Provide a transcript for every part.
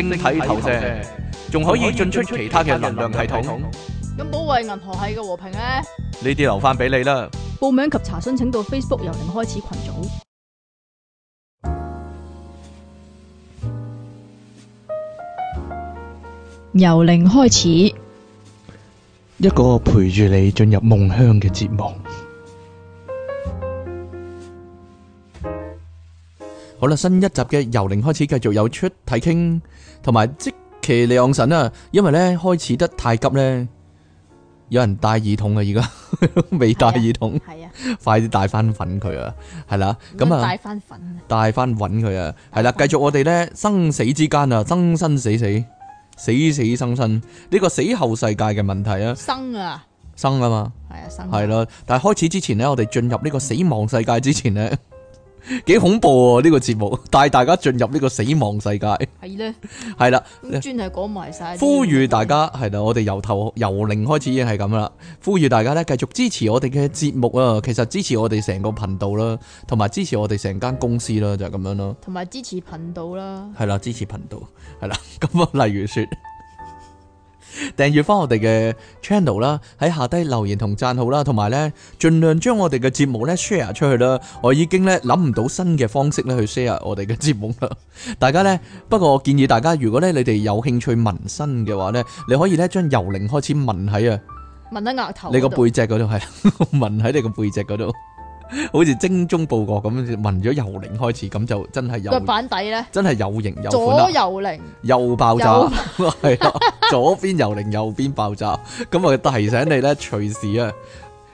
星體投射，仲可以進出其他嘅能量系統。咁保衛銀河系嘅和平咧？呢啲留翻俾你啦。報名及查詢，請到 Facebook 由零開始群組。由零開始，一個陪住你進入夢鄉嘅節目。好啦，新一集嘅由零開始，繼續有出睇傾。同埋即其你神啊，因為咧開始得太急咧，有人戴耳筒啊而家未戴耳筒，係啊，快啲戴翻粉佢啊，係啦，咁啊，戴翻粉,、啊、粉，戴翻揾佢啊，係啦，繼續我哋咧生死之間啊，生生死死，死死生生，呢、這個死後世界嘅問題啊,啊,啊，生啊，生啊嘛，係啊，生，係啦，但係開始之前咧，我哋進入呢個死亡世界之前咧。嗯 幾恐怖啊！呢個節目帶大家進入呢個死亡世界，係咧的，係啦 的，專係講埋晒，呼籲大家係啦，我哋由頭由零開始已經係咁啦，呼籲大家咧繼續支持我哋嘅節目啊，其實支持我哋成個頻道啦，同埋支持我哋成間公司啦，就咁樣咯，同埋支持頻道啦，係啦， 支持頻道，係啦，咁啊，例如說。訂閱翻我哋嘅 channel 啦，喺下低留言同讚好啦，同埋呢，盡量將我哋嘅節目呢 share 出去啦。我已經呢諗唔到新嘅方式呢去 share 我哋嘅節目啦。大家呢，不過我建議大家，如果呢你哋有興趣紋身嘅話呢，你可以呢將油靈開始紋喺啊，紋喺額頭，你個背脊嗰度係，紋喺你個背脊嗰度。好似精忠報國咁樣，聞咗右零開始，咁就真係有板底咧，真係有型有款啦。左靈又爆炸，係有文 左邊右零，右邊爆炸。咁啊，提醒你咧，隨 時啊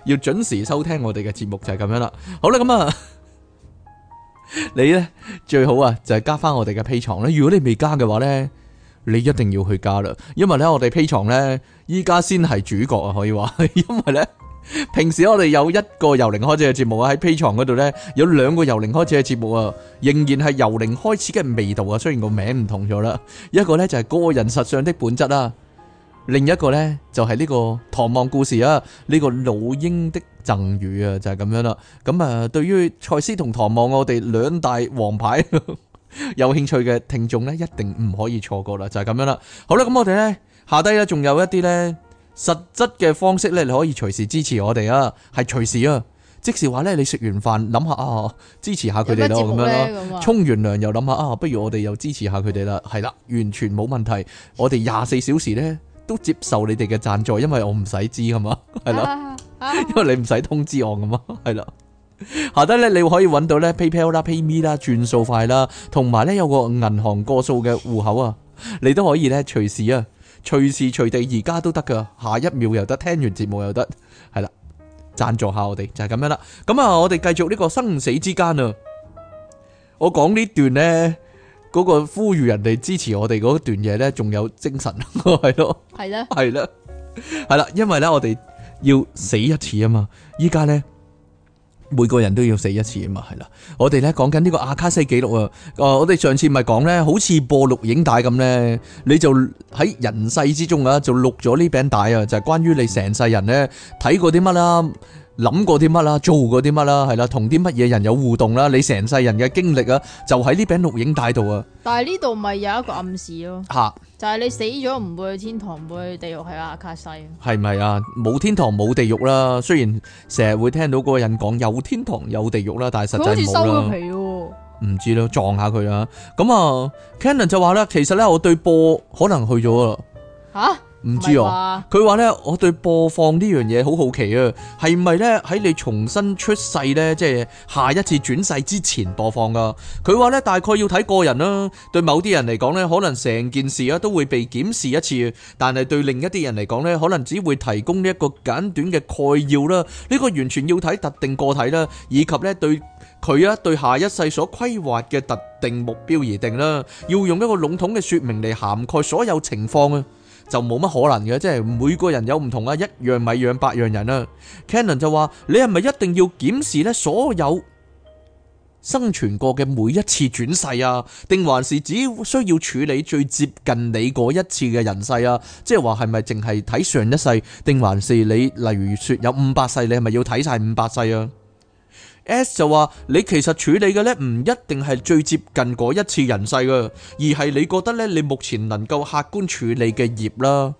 要準時收聽我哋嘅節目就係咁樣啦。好啦，咁啊， 你咧最好啊就係、是、加翻我哋嘅 P 床啦。如果你未加嘅話咧，你一定要去加啦，因為咧我哋 P 床咧依家先係主角啊，可以話，因為咧。平時我哋有一個由零開始嘅節目啊，喺 Patreon 嗰度呢，有兩個由零開始嘅節目啊，仍然係由零開始嘅味道啊，雖然個名唔同咗啦。一個呢就係個人實相的本質啦，另一個呢就係呢個唐望故事啊，呢、這個老鷹的贈語啊，就係、是、咁樣啦。咁啊，對於賽斯同唐望我哋兩大王牌 有興趣嘅聽眾呢，一定唔可以錯過啦，就係、是、咁樣啦。好啦，咁我哋呢，下低呢，仲有一啲呢，實質嘅方式咧，你可以隨時支持我哋啊，係隨時啊，即時話咧，你食完飯諗下啊，支持下佢哋咯，咁樣咯，沖完涼又諗下啊，不如我哋又支持下佢哋啦，係啦，完全冇問題，我哋廿四小時咧都接受你哋嘅贊助，因為我唔使知㗎嘛，係啦，啊啊、因為你唔使通知我㗎嘛，係啦，下低咧你可以揾到咧 PayPal 啦、PayMe 啦、轉數快啦，同埋咧有個銀行過數嘅戶口啊，你都可以咧隨時啊。隨時隨地而家都得噶，下一秒又得，聽完節目又得，係啦，贊助下我哋就係咁樣啦。咁啊，我哋繼續呢個生死之間啊。我講呢段呢，嗰個呼籲人哋支持我哋嗰段嘢呢，仲有精神係咯，係 咧，係咧，係啦， 因為呢，我哋要死一次啊嘛，依家呢。每個人都要死一次啊嘛，係啦，我哋咧講緊呢個阿卡西記錄啊，誒，我哋上次咪講咧，好似播錄影帶咁咧，你就喺人世之中啊，就錄咗呢餅帶啊，就係關於你成世人咧睇過啲乜啦。諗過啲乜啦，做過啲乜啦，係啦，同啲乜嘢人有互動啦，你成世人嘅經歷啊，就喺呢柄錄影帶度啊。但係呢度咪有一個暗示咯，吓、啊，就係你死咗唔會去天堂，唔會去地獄，係阿卡西。係咪啊？冇天堂冇地獄啦，雖然成日會聽到嗰個人講有天堂有地獄啦，但係實際好似收佢皮喎。唔知啦，撞下佢啊。咁啊，Cannon 就話咧，其實咧我對波可能去咗啦。吓、啊？唔知喎，佢話呢，我對播放呢樣嘢好好奇啊，係咪呢，喺你重新出世呢，即係下一次轉世之前播放㗎？佢話呢，大概要睇個人啦，對某啲人嚟講呢，可能成件事啊都會被檢視一次，但係對另一啲人嚟講呢，可能只會提供呢一個簡短嘅概要啦。呢個完全要睇特定個體啦，以及呢對佢啊對下一世所規劃嘅特定目標而定啦。要用一個籠統嘅說明嚟涵蓋所有情況啊。就冇乜可能嘅，即係每個人有唔同啊，一樣米養百樣人啊。Canon 就話：你係咪一定要檢視呢所有生存過嘅每一次轉世啊？定還是只需要處理最接近你嗰一次嘅人世啊？即係話係咪淨係睇上一世？定還是你例如說有五百世，你係咪要睇晒五百世啊？S, S 就話你其實處理嘅呢，唔一定係最接近嗰一次人世噶，而係你覺得呢，你目前能夠客觀處理嘅業啦。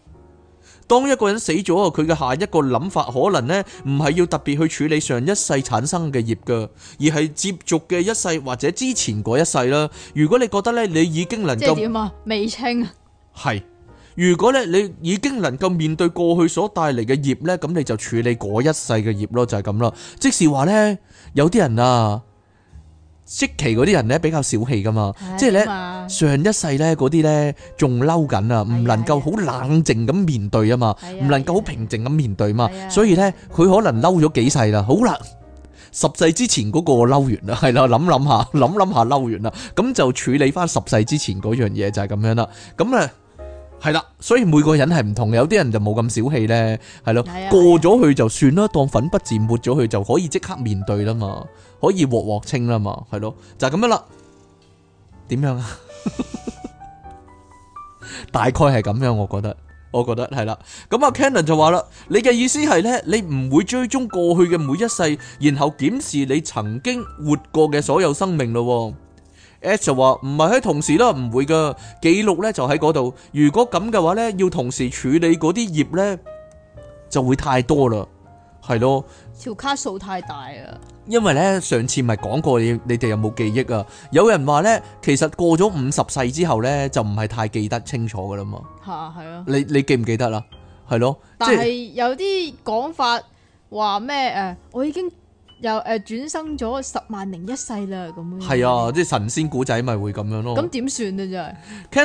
當一個人死咗，佢嘅下一個諗法可能呢，唔係要特別去處理上一世產生嘅業噶，而係接續嘅一世或者之前嗰一世啦。如果你覺得呢，你已經能夠即係點啊？未清係。如果咧你已經能夠面對過去所帶嚟嘅業呢，咁你就處理嗰一世嘅業咯，就係咁啦。即是話呢。有啲人啊，積期嗰啲人咧比較小氣噶嘛，即係咧上一世咧嗰啲咧仲嬲緊啊，唔、哎、呀能夠好冷靜咁面對啊嘛，唔、哎、呀能夠好平靜咁面對啊嘛，哎、呀所以咧佢可能嬲咗幾世啦，好啦，十世之前嗰個嬲完啦，係咯諗諗下諗諗下嬲完啦，咁就處理翻十世之前嗰樣嘢就係咁樣啦，咁咧。係啦，所以每個人係唔同嘅，有啲人就冇咁小氣呢，係咯，過咗去就算啦，當粉筆字抹咗去就可以即刻面對啦嘛，可以鑊鑊清啦嘛，係咯，就係咁樣啦。點樣啊？ 大概係咁樣，我覺得，我覺得係啦。咁阿 Cannon 就話啦，你嘅意思係呢？你唔會追蹤過去嘅每一世，然後檢視你曾經活過嘅所有生命咯。S 就話唔係喺同時啦，唔會噶記錄咧就喺嗰度。如果咁嘅話咧，要同時處理嗰啲頁咧，就會太多啦，係咯。條卡數太大啊！因為咧上次咪講過你，你哋有冇記憶啊？有人話咧，其實過咗五十世之後咧，就唔係太記得清楚噶啦嘛。吓係啊！你你記唔記得啦？係咯。但係是 即有啲講法話咩誒，我已經。又誒、呃、轉生咗十萬零一世啦，咁樣。係啊，即係神仙古仔咪會咁樣咯。咁點算咧？真係。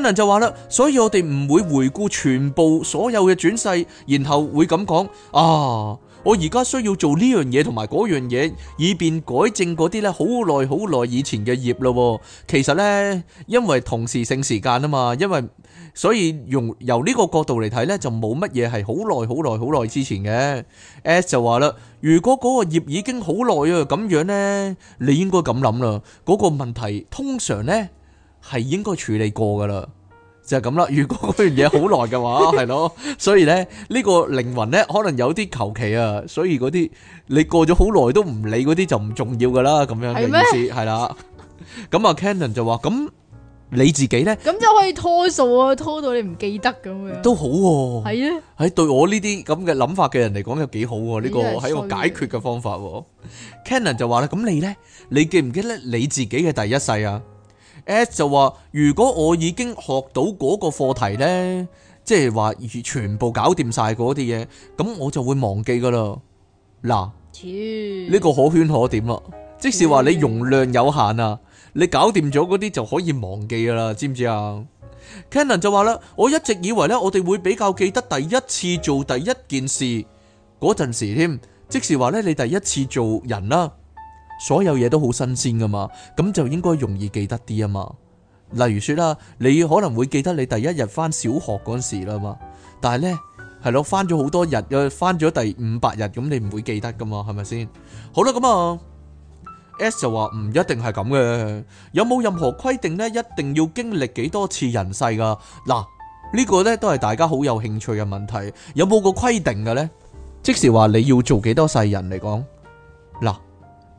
Canon 就話啦，所以我哋唔會回顧全部所有嘅轉世，然後會咁講啊。我而家需要做呢樣嘢，同埋嗰樣嘢，以便改正嗰啲咧好耐好耐以前嘅業咯。其實呢，因為同時性時間啊嘛，因為所以用由呢個角度嚟睇呢，就冇乜嘢係好耐好耐好耐之前嘅。As 就話啦，如果嗰個業已經好耐啊咁樣呢，你應該咁諗啦。嗰、嗰個問題通常呢，係應該處理過噶啦。就係咁啦，如果嗰樣嘢好耐嘅話，係咯，所以咧呢個靈魂咧，可能有啲求其啊，所以嗰啲你過咗好耐都唔理嗰啲就唔重要噶啦，咁樣嘅意思係啦。咁啊，Canon 就話：咁你自己咧，咁就可以拖數啊，拖到你唔記得咁樣。都好喎，係啊，係對我呢啲咁嘅諗法嘅人嚟講，又幾好喎？呢個係一個解決嘅方法喎。Canon 就話啦：咁你咧，你記唔記得你自己嘅第一世啊？S, S 就話：如果我已經學到嗰個課題咧，即係話全部搞掂晒嗰啲嘢，咁我就會忘記噶啦。嗱，呢、呢個可圈可點啦。即是話你容量有限啊，你搞掂咗嗰啲就可以忘記噶啦，知唔知啊？Cannon 就話啦：我一直以為呢，我哋會比較記得第一次做第一件事嗰陣時，添。即是話呢，你第一次做人啦。所有嘢都好新鮮噶嘛，咁就應該容易記得啲啊嘛。例如説啦，你可能會記得你第一日翻小學嗰陣時啦嘛，但係呢，係咯，翻咗好多日，翻咗第五百日，咁你唔會記得噶嘛，係咪先？好啦，咁、嗯、啊 S 就話唔一定係咁嘅，有冇任何規定呢？一定要經歷幾多次人世噶？嗱，呢、呢個呢，都係大家好有興趣嘅問題，有冇個規定嘅呢？即時話你要做幾多世人嚟講嗱？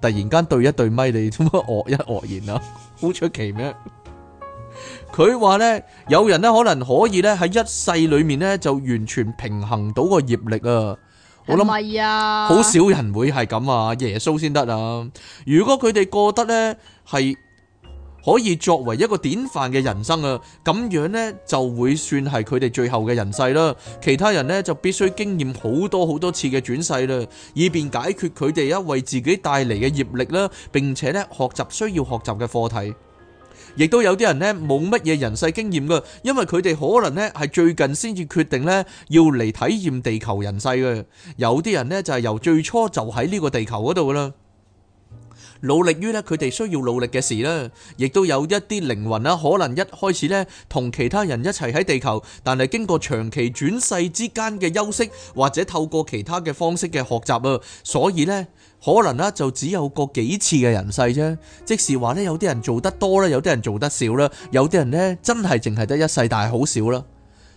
突然間對一對咪，你做乜愕一愕然？啊？好 出奇咩怪？佢話咧，有人咧可能可以咧喺一世裏面咧就完全平衡到個業力是是啊！我諗唔係啊，好少人會係咁啊！耶穌先得啊！如果佢哋覺得咧係。可以作為一個典範嘅人生啊，咁樣呢就會算係佢哋最後嘅人世啦。其他人呢，就必須經驗好多好多次嘅轉世啦，以便解決佢哋啊為自己帶嚟嘅業力啦，並且呢學習需要學習嘅課題。亦都有啲人呢冇乜嘢人世經驗噶，因為佢哋可能呢係最近先至決定呢要嚟體驗地球人世嘅。有啲人呢，就係由最初就喺呢個地球嗰度啦。努力於咧佢哋需要努力嘅事啦，亦都有一啲靈魂啦，可能一開始呢，同其他人一齊喺地球，但係經過長期轉世之間嘅休息，或者透過其他嘅方式嘅學習啊，所以呢，可能呢，就只有個幾次嘅人世啫。即是話呢，有啲人做得多啦，有啲人做得少啦，有啲人呢，真係淨係得一世，但係好少啦。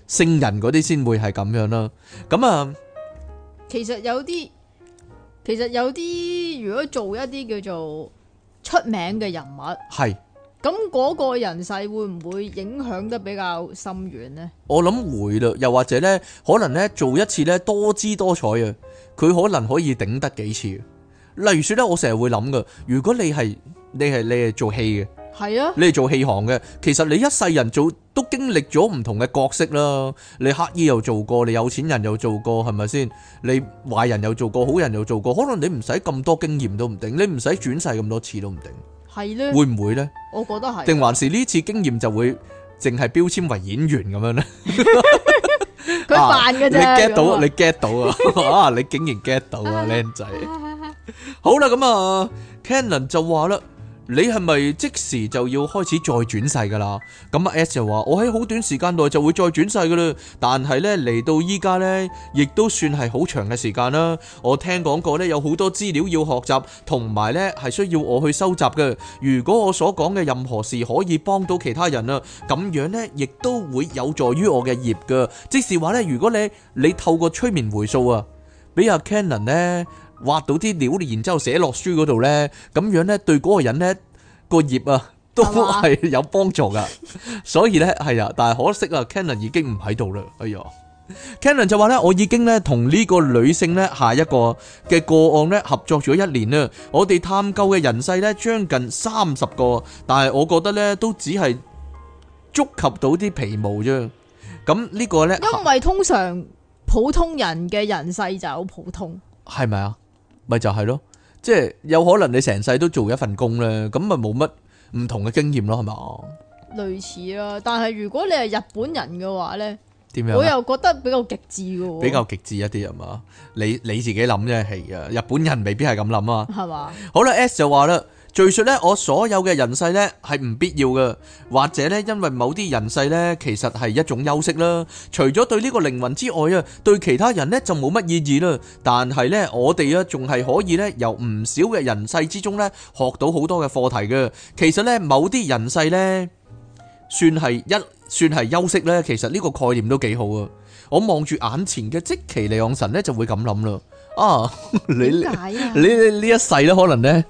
聖人嗰啲先會係咁樣啦。咁啊，其實有啲。其實有啲如果做一啲叫做出名嘅人物，係咁嗰個人世會唔會影響得比較深遠呢？我諗會啦，又或者咧，可能咧做一次咧多姿多彩啊，佢可能可以頂得幾次。例如說咧，我成日會諗噶，如果你係你係你係做戲嘅。係啊！你係做戲行嘅，其實你一世人做都經歷咗唔同嘅角色啦。你黑衣又做過，你有錢人又做過，係咪先？你壞人又做過，好人又做過。可能你唔使咁多經驗都唔定，你唔使轉世咁多次都唔定。係咧，會唔會咧？我覺得係。定還是呢次經驗就會淨係標籤為演員咁樣咧？佢扮嘅啫。你 get 到？你 get 到啊！你竟然 get 到啊，靚仔！好啦，咁啊，Canon 就話啦。你係咪即時就要開始再轉世㗎啦？咁阿 S 就話：我喺好短時間內就會再轉世㗎啦。但係呢，嚟到依家呢，亦都算係好長嘅時間啦。我聽講過呢，有好多資料要學習，同埋呢係需要我去收集嘅。如果我所講嘅任何事可以幫到其他人啊，咁樣呢亦都會有助於我嘅業嘅。即是話呢，如果你你透過催眠回數啊，俾阿 Canon 呢，挖到啲料，然之後寫落書嗰度呢，咁樣呢對嗰個人呢個業啊都係有幫助噶。所以呢係啊，但係可惜啊，Cannon 已經唔喺度啦。哎唷，Cannon 就話呢，我已經呢同呢個女性呢下一個嘅個案呢合作咗一年啦。我哋探究嘅人世呢，將近三十個，但係我覺得呢都只係觸及到啲皮毛啫。咁呢個呢，因為通常普通人嘅人世就好普通，係咪啊？咪就係咯，即係有可能你成世都做一份工咧，咁咪冇乜唔同嘅經驗咯，係嘛？類似啦，但係如果你係日本人嘅話咧，點樣我又覺得比較極致嘅，比較極致一啲係嘛，你你自己諗啫，係啊，日本人未必係咁諗啊，係嘛吧？好啦，S 就話啦。據說咧，我所有嘅人世咧係唔必要嘅，或者咧因為某啲人世咧其實係一種休息啦。除咗對呢個靈魂之外啊，對其他人咧就冇乜意義啦。但係咧，我哋啊仲係可以咧由唔少嘅人世之中咧學到好多嘅課題嘅。其實咧，某啲人世咧算係一算係休息咧，其實呢個概念都幾好啊。我望住眼前嘅積奇利昂神咧就會咁諗啦。啊，你你你呢一世咧可能咧？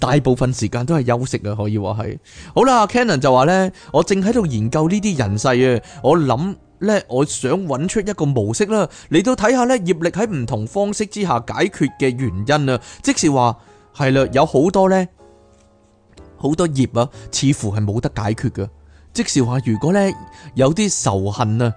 大部分時間都係休息啊，可以話係好啦。Canon 就話呢，我正喺度研究呢啲人世啊，我諗呢，我想揾出一個模式啦，嚟到睇下呢業力喺唔同方式之下解決嘅原因啊。即是話係啦，有好多呢，好多業啊，似乎係冇得解決嘅。即是話，如果呢，有啲仇恨啊，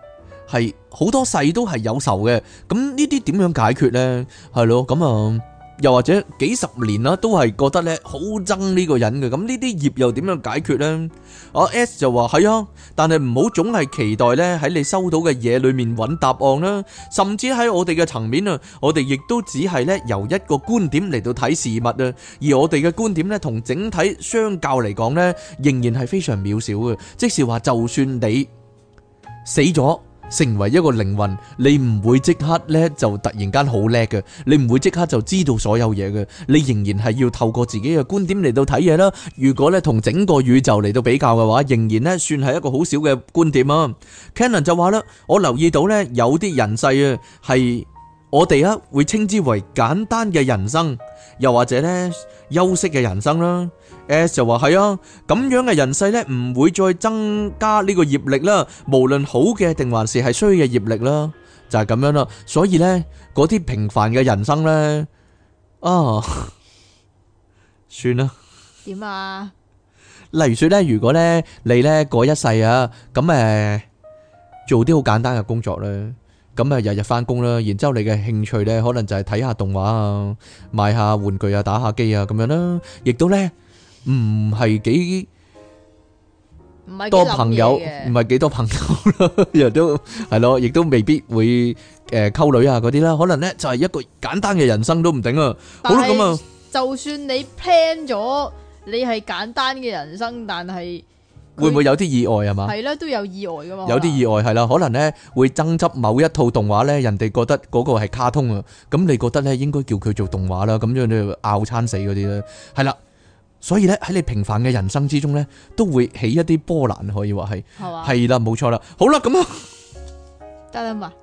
係好多世都係有仇嘅，咁呢啲點樣解決呢？係咯，咁啊。又或者幾十年啦，都係覺得咧好憎呢個人嘅，咁呢啲業又點樣解決呢？S 就話係啊，但係唔好總係期待咧喺你收到嘅嘢裏面揾答案啦。甚至喺我哋嘅層面啊，我哋亦都只係咧由一個觀點嚟到睇事物啊。而我哋嘅觀點咧，同整體相較嚟講咧，仍然係非常渺小嘅。即是話，就算你死咗。成為一個靈魂，你唔會即刻咧就突然間好叻嘅，你唔會即刻就知道所有嘢嘅，你仍然係要透過自己嘅觀點嚟到睇嘢啦。如果咧同整個宇宙嚟到比較嘅話，仍然咧算係一個好少嘅觀點啊。Canon 就話啦，我留意到咧有啲人世啊，係我哋啊會稱之為簡單嘅人生，又或者咧休息嘅人生啦。S 就話係啊，咁樣嘅人世咧，唔會再增加呢個業力啦。無論好嘅定還是係衰嘅業力啦，就係咁樣啦。所以咧，嗰啲平凡嘅人生咧，啊，算啦。點啊？例如說咧，如果咧你咧嗰一世啊，咁誒做啲好簡單嘅工作咧，咁啊日日翻工啦，然之後你嘅興趣咧可能就係睇下動畫啊，買下玩具啊，打下機啊咁樣啦，亦都咧。唔係幾多朋友，唔係幾多朋友咯，亦都係咯，亦都未必會誒溝女啊嗰啲啦，可能咧就係一個簡單嘅人生都唔定啊。好啦，咁啊，就算你 plan 咗你係簡單嘅人生，但係會唔會有啲意外啊？嘛係啦，都有意外噶嘛，有啲意外係啦，可能咧會爭執某一套動畫咧，人哋覺得嗰個係卡通啊，咁你覺得咧應該叫佢做動畫啦，咁樣你拗餐死嗰啲咧，係啦。所以咧喺你平凡嘅人生之中咧，都會起一啲波瀾，可以話係，係啦，冇錯啦。好啦，咁啊，得啦嘛。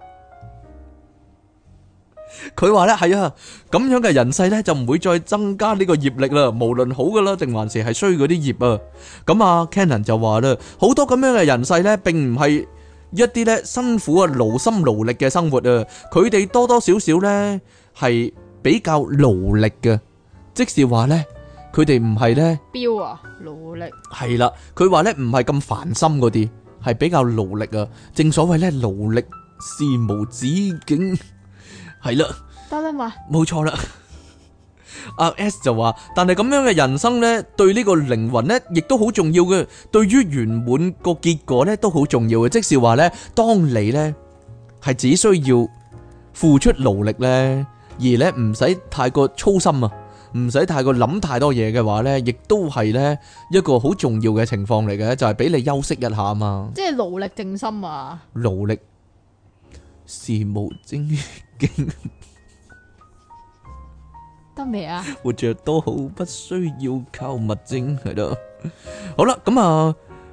佢話咧係啊，咁樣嘅人世咧就唔會再增加呢個業力啦，無論好噶啦，定還是係衰嗰啲業啊。咁啊，Canon 就話啦，好多咁樣嘅人世咧，並唔係一啲咧辛苦啊勞心勞力嘅生活啊，佢哋多多少少咧係比較勞力嘅，即是話咧。佢哋唔係咧，彪啊，勞力係啦。佢話咧唔係咁煩心嗰啲，係比較勞力啊。正所謂咧，勞力事無止境，係啦。得啦嘛，冇錯啦。阿 S 就話，但係咁樣嘅人生咧，對呢個靈魂咧，亦都好重要嘅。對於圓滿個結果咧，都好重要嘅。即是話咧，當你咧係只需要付出勞力咧，而咧唔使太過操心啊。唔使太過諗太多嘢嘅話咧，亦都係咧一個好重要嘅情況嚟嘅，就係俾你休息一下嘛。即係勞力靜心啊！勞力事無精經得未啊？活着都好，不需要靠物精，係咯。好啦，咁啊。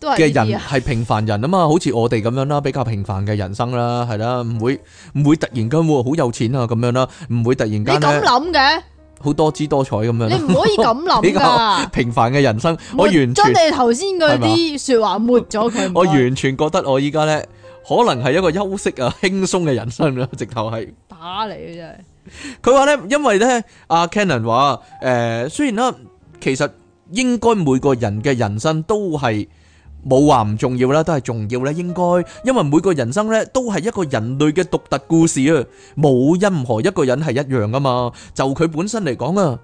嘅人係平凡人啊嘛，好似我哋咁樣啦，比較平凡嘅人生啦，係啦，唔會唔會突然間好有錢啊咁樣啦，唔會突然間你咁諗嘅，好多姿多彩咁樣。你唔可以咁諗噶。比較平凡嘅人生，不我完全將你頭先啲說話抹咗佢吧。我完全覺得我依家咧，可能係一個休息啊、輕鬆嘅人生啊，直頭係打嚟嘅啫。佢話咧，因為咧，阿 Kenon 話誒、呃，雖然啦，其實應該每個人嘅人生都係。冇話唔重要啦，都係重要啦。應該，因為每個人生咧都係一個人類嘅獨特故事啊，冇任何一個人係一樣噶嘛，就佢本身嚟講啊。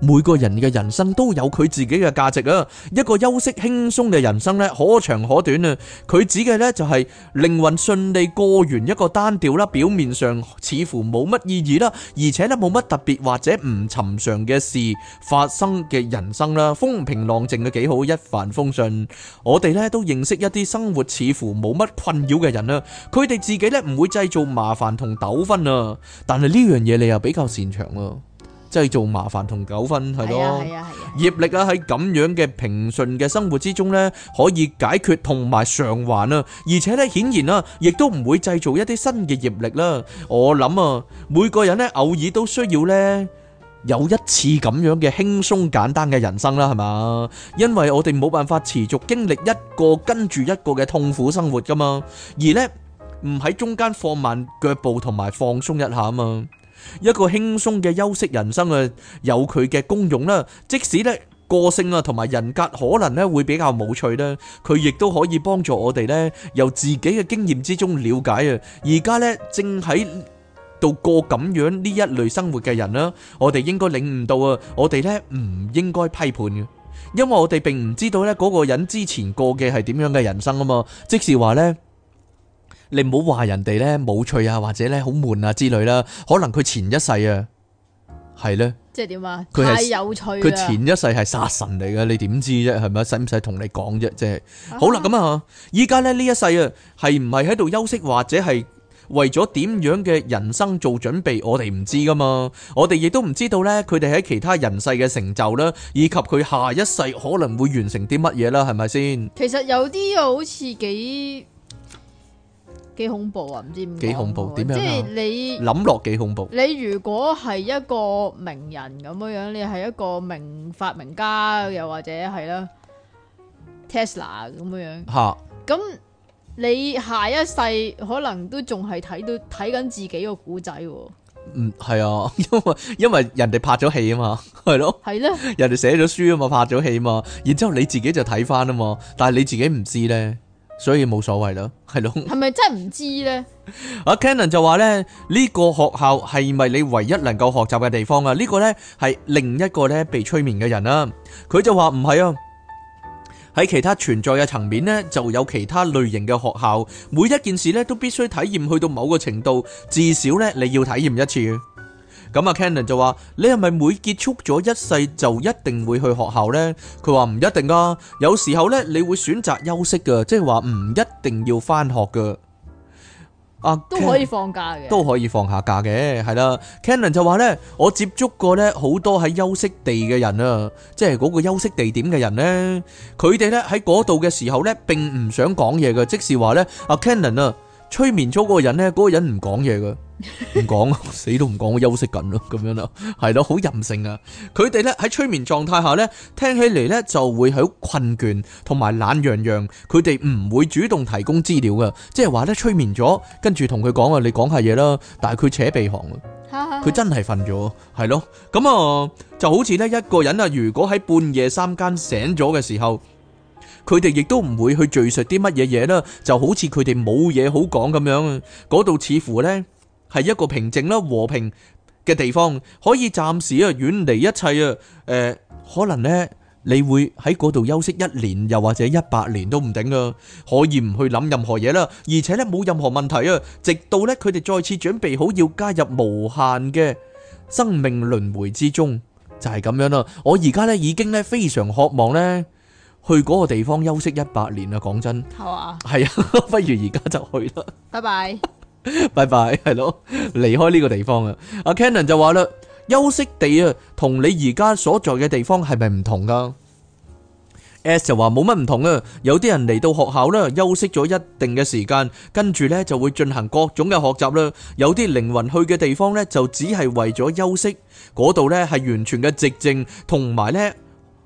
每個人嘅人生都有佢自己嘅價值啊！一個休息輕鬆嘅人生呢，可長可短啊！佢指嘅呢，就係靈魂順利過完一個單調啦，表面上似乎冇乜意義啦，而且呢，冇乜特別或者唔尋常嘅事發生嘅人生啦，風平浪靜嘅幾好，一帆風順。我哋呢，都認識一啲生活似乎冇乜困擾嘅人啊。佢哋自己呢，唔會製造麻煩同糾紛啊！但係呢樣嘢你又比較擅長啊！製造麻煩同糾紛係咯，業力啊喺咁樣嘅平順嘅生活之中呢，可以解決同埋償還啊，而且呢顯然啊，亦都唔會製造一啲新嘅業力啦。我諗啊，每個人呢偶爾都需要呢有一次咁樣嘅輕鬆簡單嘅人生啦，係嘛？因為我哋冇辦法持續經歷一個跟住一個嘅痛苦生活噶嘛，而呢唔喺中間放慢腳步同埋放鬆一下啊嘛。一個輕鬆嘅休息人生啊有佢嘅功用啦，即使咧個性啊同埋人格可能咧會比較無趣啦，佢亦都可以幫助我哋咧由自己嘅經驗之中了解啊。而家咧正喺度過咁樣呢一類生活嘅人啦，我哋應該領悟到啊，我哋咧唔應該批判嘅，因為我哋並唔知道咧嗰個人之前過嘅係點樣嘅人生啊嘛，即使話呢。你唔好話人哋呢，冇趣啊，或者呢，好悶啊之類啦。可能佢前一世啊，係呢？即係點啊？佢係是有趣，佢前一世係殺神嚟噶，你點知啫？係咪使唔使同你講啫？即係好啦，咁啊，依家呢，呢一世啊，係唔係喺度休息，或者係為咗點樣嘅人生做準備？我哋唔知噶嘛，我哋亦都唔知道呢，佢哋喺其他人世嘅成就啦，以及佢下一世可能會完成啲乜嘢啦，係咪先？其實有啲好似幾。幾恐怖啊！唔知幾恐怖、啊，唔，即係你諗落幾恐怖。你，恐怖，你如果係一個名人咁樣樣，你係一個名發明家，又或者係啦，Tesla 咁樣樣。吓哈，咁你下一世可能都仲係睇到睇緊自己個古仔。嗯，係啊，因為因為人哋拍咗戲啊嘛，係 咯、啊，係咧、啊，人哋寫咗書啊嘛，拍咗戲啊嘛，然之後你自己就睇翻啊嘛，但係你自己唔知咧。所以冇所謂咯，係咯。係咪真係唔知呢？阿 c a n n o n 就話呢，呢、這個學校係咪你唯一能夠學習嘅地方啊？呢、這個呢，係另一個咧被催眠嘅人啦。佢就話唔係啊，喺其他存在嘅層面呢，就有其他類型嘅學校。每一件事呢，都必須體驗去到某個程度，至少呢，你要體驗一次。咁啊，Cannon 就話：你係咪每結束咗一世就一定會去學校呢？佢話唔一定㗎，有時候呢，你會選擇休息㗎，即係話唔一定要返學㗎。啊，都可以放假嘅，都可以放下假嘅，係啦。Cannon 就話呢：我接觸過呢，好多喺休息地嘅人啊，即係嗰個休息地點嘅人呢，佢哋呢喺嗰度嘅時候呢，並唔想講嘢嘅，即使話呢啊，Cannon 啊。催眠咗嗰個人呢，嗰、嗰個人唔講嘢嘅，唔講，死都唔講，我休息緊咯，咁樣啊，係咯，好任性啊！佢哋呢，喺催眠狀態下呢，聽起嚟呢，就會好困倦同埋懶洋洋，佢哋唔會主動提供資料噶，即係話呢，催眠咗，跟住同佢講啊，你講下嘢啦，但係佢扯鼻鼾啊，佢真係瞓咗，係咯，咁啊就好似呢一個人啊，如果喺半夜三更醒咗嘅時候。佢哋亦都唔會去敘述啲乜嘢嘢啦，就好似佢哋冇嘢好講咁樣。嗰度似乎呢係一個平靜啦、和平嘅地方，可以暫時啊遠離一切啊。誒，可能呢你會喺嗰度休息一年，又或者一百年都唔定啊。可以唔去諗任何嘢啦，而且呢冇任何問題啊。直到呢佢哋再次準備好要加入無限嘅生命輪回之中，就係咁樣啦。我而家呢已經呢非常渴望呢。去嗰個地方休息一百年啊！講真，好啊，係啊，不如而家就去啦。拜拜，拜拜，係咯，離開呢個地方啊！阿 Canon 就話啦，休息地啊，同你而家所在嘅地方係咪唔同噶？S 就話冇乜唔同啊，有啲人嚟到學校咧，休息咗一定嘅時間，跟住咧就會進行各種嘅學習啦。有啲靈魂去嘅地方咧，就只係為咗休息，嗰度咧係完全嘅寂靜，同埋咧。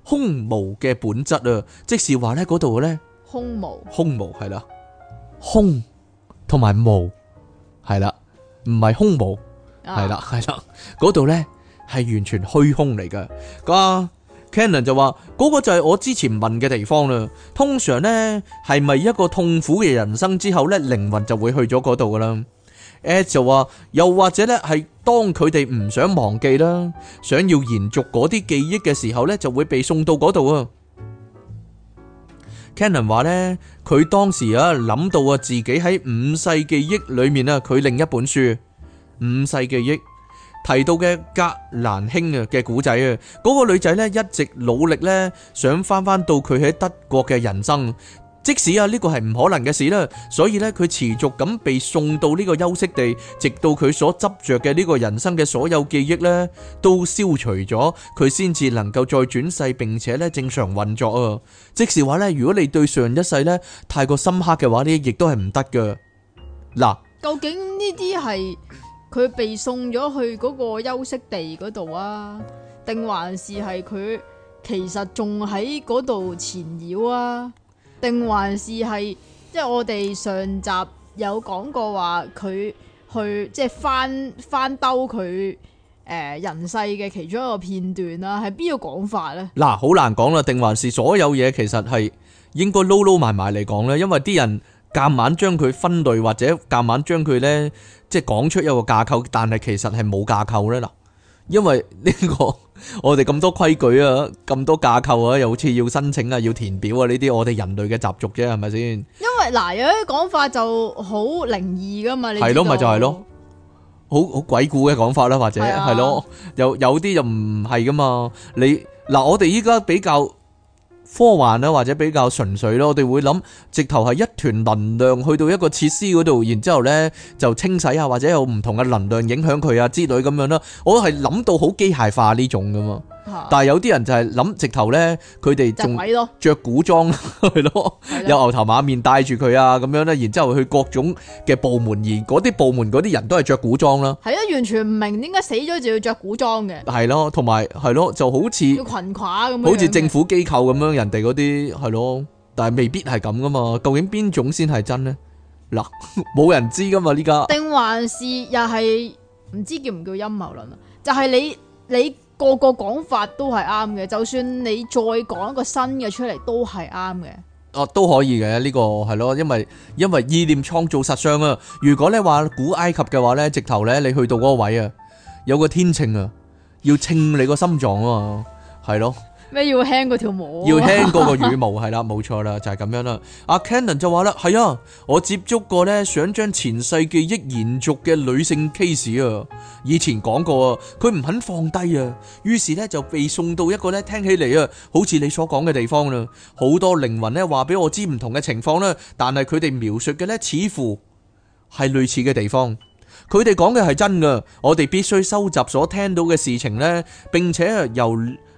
空無嘅本質啊，即是話咧，嗰度咧，空無毛，空無係啦，空同埋無係啦，唔係空無係啦係啦，嗰度咧係完全虛空嚟噶。嗰阿、啊、Canon 就話嗰 個就係我之前問嘅地方啦。通常咧係咪一個痛苦嘅人生之後咧，靈魂就會去咗嗰度噶啦？誒就話，又或者咧，係當佢哋唔想忘記啦，想要延續嗰啲記憶嘅時候咧，就會被送到嗰度啊。Cannon 話呢，佢當時啊諗到啊自己喺五世記憶裡面啊，佢另一本書《五世記憶》提到嘅格蘭興啊嘅古仔啊，嗰、那個女仔呢，一直努力呢，想返返到佢喺德國嘅人生。即使啊，呢個係唔可能嘅事啦，所以咧，佢持續咁被送到呢個休息地，直到佢所執着嘅呢個人生嘅所有記憶咧，都消除咗，佢先至能夠再轉世，並且咧正常運作啊！即係話咧，如果你對上一世咧太過深刻嘅話咧，亦都係唔得㗎。嗱，究竟呢啲係佢被送咗去嗰個休息地嗰度啊，定還是係佢其實仲喺嗰度纏繞啊？定還是係即係我哋上集有講過話佢去即係翻翻兜佢誒、呃、人世嘅其中一個片段啦，係邊個講法呢？嗱，好難講啦，定還是所有嘢，其實係應該撈撈埋埋嚟講呢？因為啲人夾硬將佢分類，或者夾硬將佢呢，即係講出一個架構，但係其實係冇架構呢。嗱。因為呢個我哋咁多規矩啊，咁多架構啊，又好似要申請啊，要填表啊，呢啲我哋人類嘅習俗啫，係咪先？因為嗱，有啲講法就好靈異噶嘛，你。係咯，咪就係咯，好好鬼故嘅講法啦，或者係咯，有有啲就唔係噶嘛，你嗱，我哋依家比較。科幻啦，或者比較純粹咯，我哋會諗直頭係一團能量去到一個設施嗰度，然之後呢就清洗下，或者有唔同嘅能量影響佢啊之類咁樣囉。我係諗到好機械化呢種噶嘛。但係有啲人就係諗直頭咧，佢哋仲着古裝係咯， 有牛頭馬面戴住佢啊咁樣咧，然之後去各種嘅部門而嗰啲部門嗰啲人都係着古裝啦。係啊，完全唔明點解死咗就要着古裝嘅。係咯，同埋係咯，就好似要裙褂咁樣，好似政府機構咁樣，人哋嗰啲係咯，但係未必係咁噶嘛。究竟邊種先係真咧？嗱，冇人知噶嘛，呢家定還是又係唔知叫唔叫陰謀論啊？就係、是、你你。你你個個講法都係啱嘅，就算你再講一個新嘅出嚟都係啱嘅。哦、啊，都可以嘅呢、呢個係咯，因為因為意念創造實相啊。如果你話古埃及嘅話呢直頭呢，你去到嗰個位啊，有個天秤啊，要稱你個心臟啊嘛，係咯。咩要輕過條毛？要輕過個羽毛係啦，冇錯啦，就係咁樣啦。阿 Kennen 就話啦，係啊，我接觸過呢，想將前世記憶延續嘅女性 case 啊，以前講過啊，佢唔肯放低啊，於是呢，就被送到一個呢，聽起嚟啊，好似你所講嘅地方啦，好多靈魂呢，話俾我知唔同嘅情況啦，但係佢哋描述嘅呢，似乎係類似嘅地方。佢哋講嘅係真噶，我哋必須收集所聽到嘅事情呢，並且由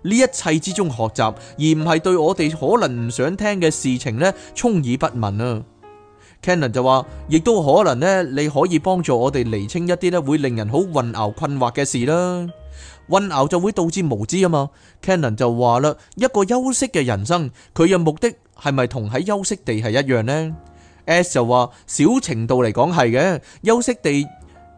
呢一切之中學習，而唔係對我哋可能唔想聽嘅事情呢，充耳不聞啊。Cannon 就話，亦都可能呢，你可以幫助我哋釐清一啲呢會令人好混淆困惑嘅事啦。混淆就會導致無知啊嘛。Cannon 就話啦，一個休息嘅人生，佢嘅目的係咪同喺休息地係一樣呢？S 就話，小程度嚟講係嘅，休息地。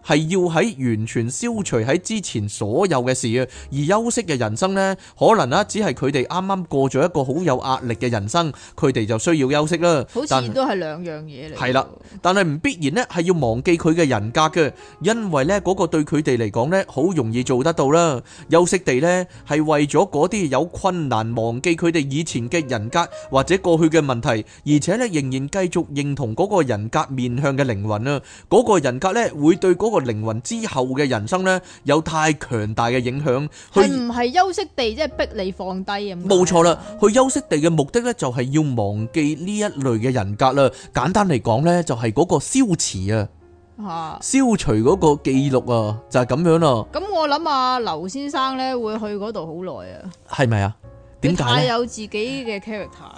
係要喺完全消除喺之前所有嘅事啊，而休息嘅人生呢，可能啊，只係佢哋啱啱過咗一個好有壓力嘅人生，佢哋就需要休息啦。好似都係兩樣嘢嚟。係啦，但係唔必然呢，係要忘記佢嘅人格嘅，因為呢，嗰個對佢哋嚟講呢，好容易做得到啦。休息地呢，係為咗嗰啲有困難忘記佢哋以前嘅人格或者過去嘅問題，而且呢仍然繼續認同嗰個人格面向嘅靈魂啊，嗰個人格呢會對嗰個。靈魂之後嘅人生呢，有太強大嘅影響，佢唔係休息地，即係逼你放低咁。冇錯啦，去休息地嘅目的呢，就係要忘記呢一類嘅人格啦。簡單嚟講呢，就係嗰個消磁啊，消除嗰個記錄啊，就係咁樣咯。咁我諗啊，劉先生呢，會去嗰度好耐啊，係咪啊？點解？你太有自己嘅 character。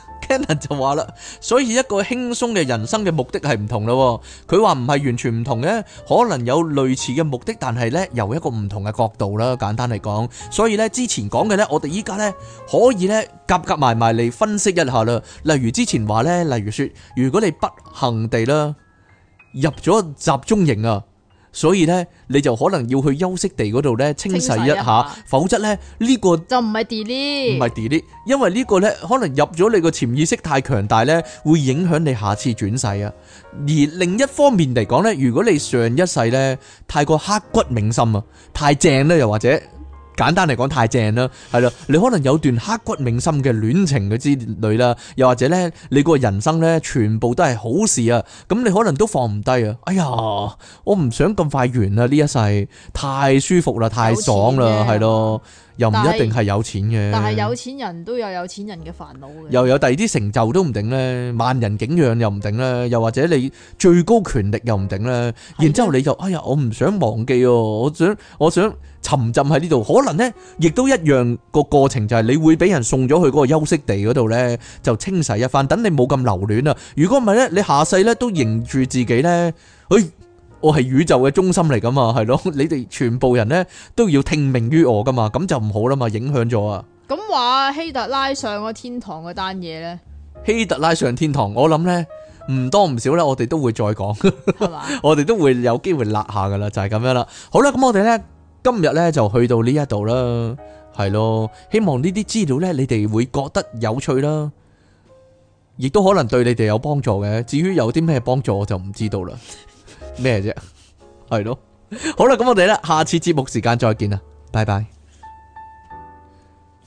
就話啦，所以一個輕鬆嘅人生嘅目的係唔同咯。佢話唔係完全唔同嘅，可能有類似嘅目的，但係呢由一個唔同嘅角度啦。簡單嚟講，所以呢之前講嘅呢，我哋依家呢可以呢夾夾埋埋嚟分析一下啦。例如之前話呢，例如說，如果你不幸地啦入咗集中營啊。所以咧，你就可能要去休息地嗰度咧清洗一下，一下否則咧呢個就唔係 delete，唔係 delete，因為呢個咧可能入咗你個潛意識太強大咧，會影響你下次轉世啊。而另一方面嚟講咧，如果你上一世咧太過刻骨銘心啊，太正咧，又或者。簡單嚟講太正啦，係啦，你可能有段刻骨銘心嘅戀情嘅之類啦，又或者咧，你個人生咧全部都係好事啊，咁你可能都放唔低啊，哎呀，我唔想咁快完啊，呢一世太舒服啦，太爽啦，係咯。又唔一定係有錢嘅，但係有錢人都有有錢人嘅煩惱，又有第二啲成就都唔定呢。萬人景仰又唔定咧，又或者你最高權力又唔定咧，的然之後你就哎呀，我唔想忘記喎，我想我想沉浸喺呢度，可能呢亦都一樣個過程就係、是、你會俾人送咗去嗰個休息地嗰度呢，就清洗一番，等你冇咁留戀啊！如果唔係呢，你下世呢都認住自己呢。哎。我係宇宙嘅中心嚟噶嘛，係咯。你哋全部人咧都要聽命於我噶嘛，咁就唔好啦嘛，影響咗啊！咁話希特拉上個天堂嗰單嘢咧，希特拉上天堂，我諗咧唔多唔少咧，我哋都會再講，係嘛？我哋都會有機會辣下噶啦，就係咁樣啦。好啦，咁我哋咧今日咧就去到呢一度啦，係咯。希望呢啲資料咧你哋會覺得有趣啦，亦都可能對你哋有幫助嘅。至於有啲咩幫助，我就唔知道啦。咩啫，係咯什， 對了 好啦，咁我哋咧，下次節目時間再見啦，拜拜。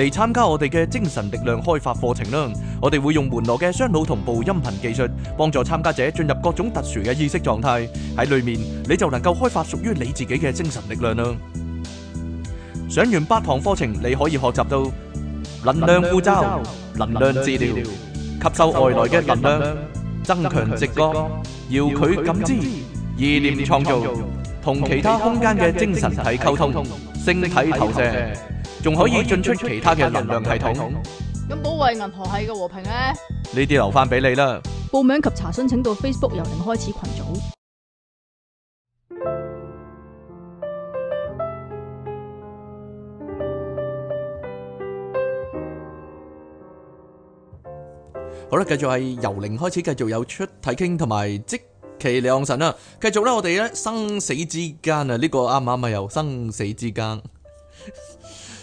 嚟參加我哋嘅精神力量開發課程啦！我哋會用門羅嘅雙腦同步音頻技術，幫助參加者進入各種特殊嘅意識狀態。喺裏面你就能夠開發屬於你自己嘅精神力量啦！上完八堂課程，你可以學習到能量護罩、能量治療、吸收外來嘅能量、增強直覺、遙距感知、意念創造、同其他空間嘅精神體溝通、星體投射。仲可以進出其他嘅能量系統。咁保衛銀河系嘅和平咧？呢啲留翻俾你啦。報名及查詢請到 Facebook 由零開始群組。好啦，繼續係由零開始，繼續有出體傾同埋即期李神臣啦。繼續咧，我哋咧生死之間啊，呢、這個啱唔啱啊？由生死之間。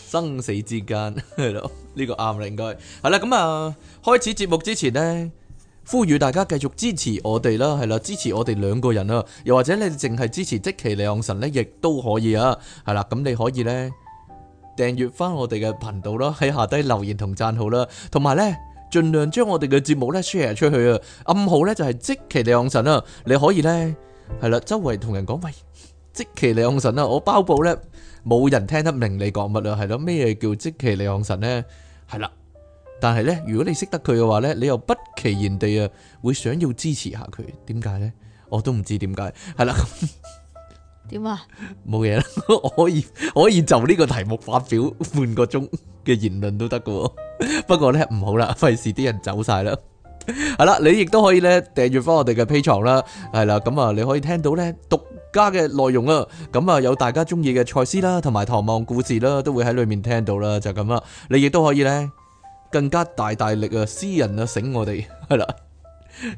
生死之間係咯，呢 個啱啦應該係啦。咁、evet, 啊，開始節目之前呢，呼籲大家繼續支持我哋啦，係、嗯、啦，支持我哋兩個人啊，又或者你淨係支持即其兩神呢，亦都可以啊。係 啦、嗯，咁你可以呢，訂閱翻我哋嘅頻道啦，喺下低留言同讚好啦，同埋呢，盡量將我哋嘅節目呢 share 出去啊。暗號呢就係即其兩神啊，你可以呢係啦，周圍同人講喂、哎，即其兩神啊，我包保呢。」冇人聽得明你講乜啊，係咯，咩嘢叫即其利用神咧？係啦，但係咧，如果你識得佢嘅話咧，你又不其然地啊會想要支持下佢，點解咧？我都唔知點解，係啦，點啊？冇嘢啦，我可以可以就呢個題目發表半個鐘嘅言論都得噶，不過咧唔好啦，費事啲人走晒啦。係啦，你亦都可以咧訂閱翻我哋嘅 Patreon 啦，係啦，咁啊你可以聽到咧讀家嘅內容啊，咁啊有大家中意嘅賽斯啦，同埋唐望故事啦，都會喺裏面聽到啦，就咁啦。你亦都可以咧更加大大力啊，私人啊醒我哋係啦。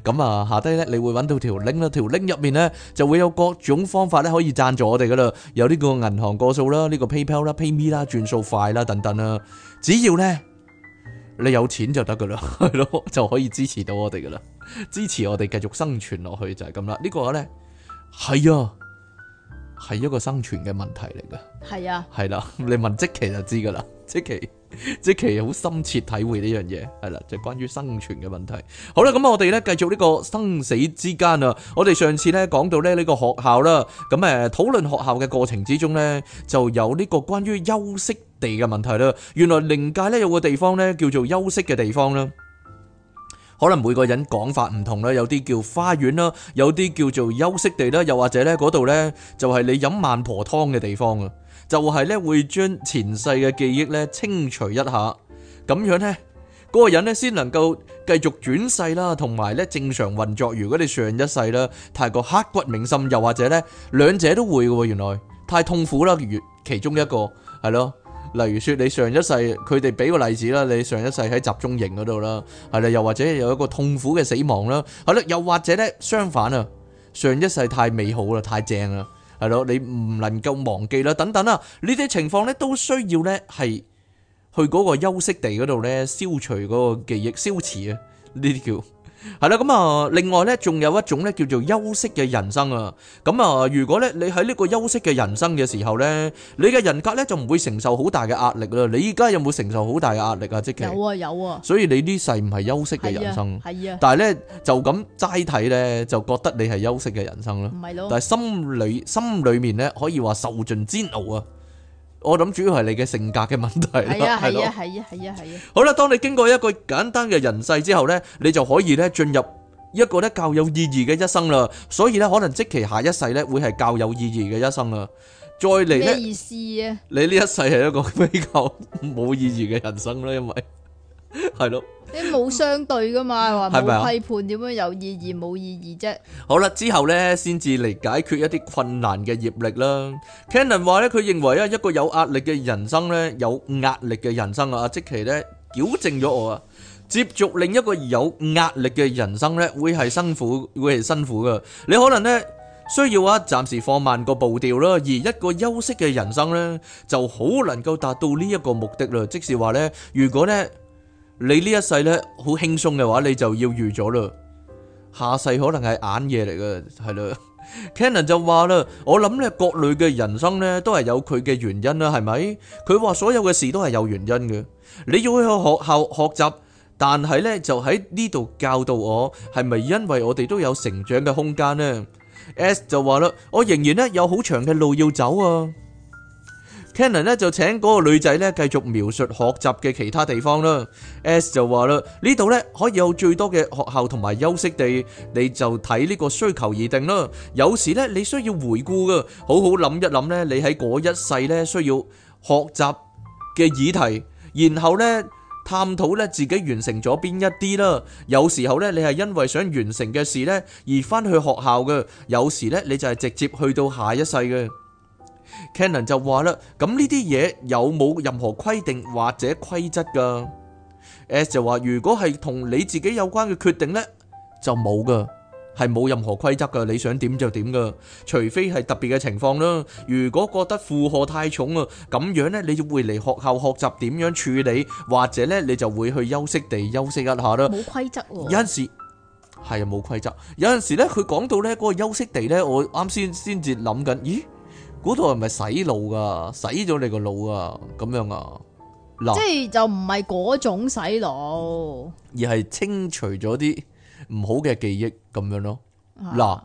咁啊下低咧你會揾到條 link 啦，條 link 入面咧就會有各種方法咧可以贊助我哋噶啦，有呢個銀行過數、這個數啦，呢個 PayPal 啦、PayMe 啦、轉數快啦等等啦。只要咧你有錢就得噶啦，係咯就可以支持到我哋噶啦，支持我哋繼續生存落去就係咁啦。呢、這個咧係啊。係一個生存嘅問題嚟噶，係啊，係啦，你問即奇就知噶啦，即奇，即奇，好深切體會呢樣嘢，係啦，就關於生存嘅問題。好啦，咁我哋咧繼續呢個生死之間啊，我哋上次咧講到咧呢個學校啦，咁誒討論學校嘅過程之中咧，就有呢個關於休息地嘅問題啦。原來靈界咧有個地方咧叫做休息嘅地方啦。可能每個人講法唔同啦，有啲叫花園啦，有啲叫做休息地啦，又或者咧嗰度咧就係你飲孟婆湯嘅地方啊，就係咧會將前世嘅記憶咧清除一下，咁樣咧嗰個人咧先能夠繼續轉世啦，同埋咧正常運作。如果你上一世啦太過刻骨銘心，又或者咧兩者都會噶喎，原來太痛苦啦，如其中一個，係咯。例如說你上一世佢哋俾個例子啦，你上一世喺集中營嗰度啦，係啦，又或者有一個痛苦嘅死亡啦，係啦，又或者咧相反啊，上一世太美好啦，太正啦，係咯，你唔能夠忘記啦，等等啊。呢啲情況咧都需要咧係去嗰個休息地嗰度咧消除嗰個記憶消磁啊，呢啲叫。係啦，咁啊，另外呢，仲有一種咧叫做休息嘅人生啊。咁啊，如果咧你喺呢個休息嘅人生嘅時候呢，你嘅人格呢就唔會承受好大嘅壓力啦。你而家有冇承受好大嘅壓力啊？即係有啊有啊。有啊。所以你呢世唔係休息嘅人生，啊啊、但係呢，就咁齋睇呢，就覺得你係休息嘅人生啦。唔係咯、啊。但係心裏心裏面呢，可以話受盡煎熬啊。我諗主要係你嘅性格嘅問題係咯。係啊，係啊，係啊，係啊。啊好啦，當你經過一個簡單嘅人世之後呢，你就可以咧進入一個咧較有意義嘅一生啦。所以呢，可能即其下一世呢，會係較有意義嘅一生啦。再嚟呢，咩意思啊？你呢一世係一個比較冇意義嘅人生啦，因為係咯。你冇相對噶嘛，話冇批判點樣有意義冇意義啫。好啦，之後咧先至嚟解決一啲困難嘅業力啦。Cannon 話咧，佢認為啊，一個有壓力嘅人生咧，有壓力嘅人生啊，即係咧矯正咗我啊。接續另一個有壓力嘅人生咧，會係辛苦，會係辛苦噶。你可能咧需要啊，暫時放慢個步調啦。而一個休息嘅人生咧，就好能夠達到呢一個目的啦。即是話咧，如果咧，你呢一世呢，好輕鬆嘅話，你就要預咗啦。下世可能係眼嘢嚟嘅，係咯。Canon 就話啦，我諗咧各類嘅人生呢，都係有佢嘅原因啦，係咪？佢話所有嘅事都係有原因嘅。你要去學學校學習，但係呢，就喺呢度教導我，係咪因為我哋都有成長嘅空間呢？S 就話啦，我仍然呢，有好長嘅路要走啊。Canon 咧就請嗰個女仔咧繼續描述學習嘅其他地方啦。S 就話啦，呢度咧可以有最多嘅學校同埋休息地，你就睇呢個需求而定啦。有時咧你需要回顧嘅，好好諗一諗咧，你喺嗰一世咧需要學習嘅議題，然後咧探討咧自己完成咗邊一啲啦。有時候咧你係因為想完成嘅事咧而翻去學校嘅，有時咧你就係直接去到下一世嘅。Canon 就話啦，咁呢啲嘢有冇任何規定或者規則噶？S 就話如果係同你自己有關嘅決定咧，就冇噶，係冇任何規則噶，你想點就點噶，除非係特別嘅情況啦。如果覺得負荷太重啊，咁樣咧，你就會嚟學校學習點樣處理，或者咧，你就會去休息地休息一下啦。冇規則喎，有陣時係啊，冇規則，有陣時咧，佢講到咧嗰個休息地咧，我啱先先至諗緊，咦？嗰套係咪洗腦噶？洗咗你個腦噶？咁樣啊？嗱，即係就唔係嗰種洗腦，而係清除咗啲唔好嘅記憶咁樣咯、啊。嗱、啊，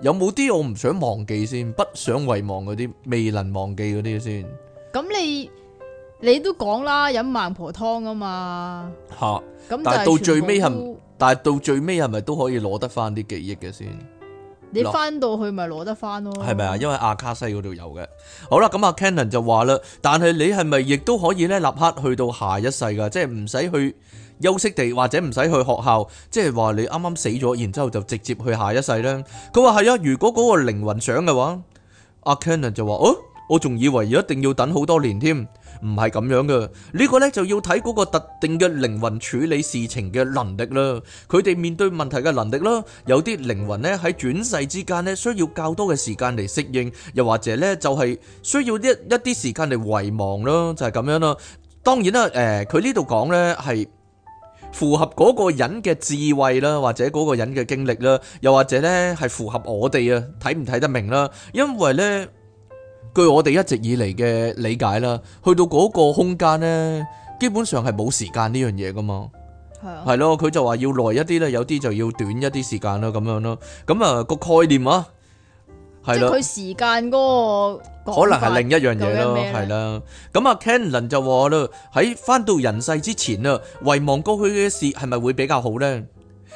有冇啲我唔想忘記先，不想遺忘嗰啲，未能忘記嗰啲先？咁你你都講啦，飲孟婆湯啊嘛。吓喏，咁就但係到最尾係，但係到最尾係咪都可以攞得翻啲記憶嘅先？你翻到去咪攞得翻咯，哦，係咪啊？因為阿卡西嗰度有嘅。好啦，咁阿 Cannon 就話啦，但係你係咪亦都可以咧立刻去到下一世㗎？即係唔使去休息地或者唔使去學校，即係話你啱啱死咗，然之後就直接去下一世咧。佢話係啊，如果嗰個靈魂想嘅話，阿 Cannon 就話：哦，我仲以為一定要等好多年添。唔係咁樣嘅，呢個呢，就要睇嗰個特定嘅靈魂處理事情嘅能力啦，佢哋面對問題嘅能力啦，有啲靈魂呢，喺轉世之間呢，需要較多嘅時間嚟適應，又或者呢，就係需要一一啲時間嚟遺忘咯，就係咁樣啦。當然啦，誒、呃，佢呢度講呢，係符合嗰個人嘅智慧啦，或者嗰個人嘅經歷啦，又或者呢，係符合我哋啊睇唔睇得明啦？因為呢。據我哋一直以嚟嘅理解啦，去到嗰個空間咧，基本上係冇時間呢樣嘢噶嘛，係啊，係咯，佢就話要耐一啲咧，有啲就要短一啲時間咯，咁樣咯，咁啊個概念啊，係啦，即係佢時間嗰個，可能係另一樣嘢咯，係啦，咁啊，Cannon 就話啦，喺翻到人世之前啊，遺忘過去嘅事係咪會比較好咧？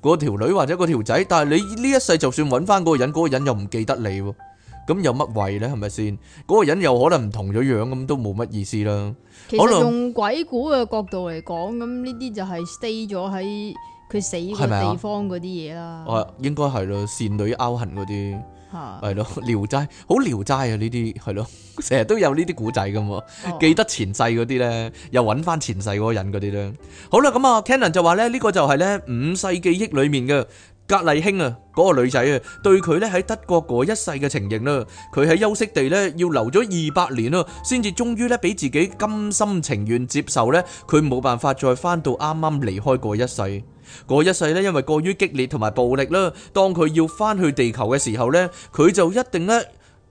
嗰條女或者嗰條仔，但係你呢一世就算揾翻嗰個人，嗰個人又唔記得你，咁有乜謂咧？係咪先？嗰個人又可能唔同咗樣，咁都冇乜意思啦。其實用鬼古嘅角度嚟講，咁呢啲就係 stay 咗喺佢死嗰地方嗰啲嘢啦。哦，應該係咯，倩女幽魂嗰啲。係咯，《聊齋》好《聊齋》啊！呢啲係咯，成日都有呢啲古仔噶嘛。哦、記得前世嗰啲咧，又揾翻前世嗰人嗰啲咧。好啦，咁啊，Cannon 就話咧，呢、呢個就係咧五世記憶裏面嘅格麗卿啊，嗰、嗰個女仔啊，對佢咧喺德國嗰一世嘅情形啦，佢喺休息地咧要留咗二百年咯，先至終於咧俾自己甘心情願接受咧，佢冇辦法再翻到啱啱離開嗰一世。嗰一世呢，因為過於激烈同埋暴力啦，當佢要翻去地球嘅時候呢，佢就一定呢，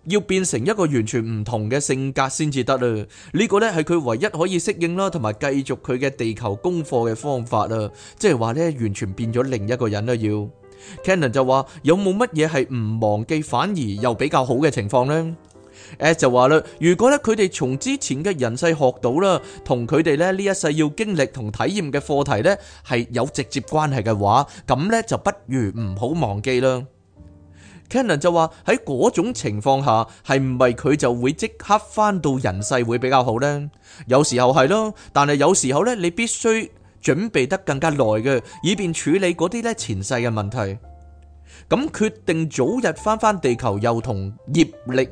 要變成一個完全唔同嘅性格先至得啊！呢個呢，係佢唯一可以適應啦，同埋繼續佢嘅地球功課嘅方法啦，即係話呢，完全變咗另一個人啦。要 Canon 就話：有冇乜嘢係唔忘記，反而又比較好嘅情況呢？誒就話啦，如果咧佢哋從之前嘅人世學到啦，同佢哋咧呢一世要經歷同體驗嘅課題呢係有直接關係嘅話，咁呢就不如唔好忘記啦。Cannon 就話喺嗰種情況下係唔係佢就會即刻返到人世會比較好呢？有時候係咯，但係有時候呢，你必須準備得更加耐嘅，以便處理嗰啲咧前世嘅問題。咁決定早日返返地球，又同業力，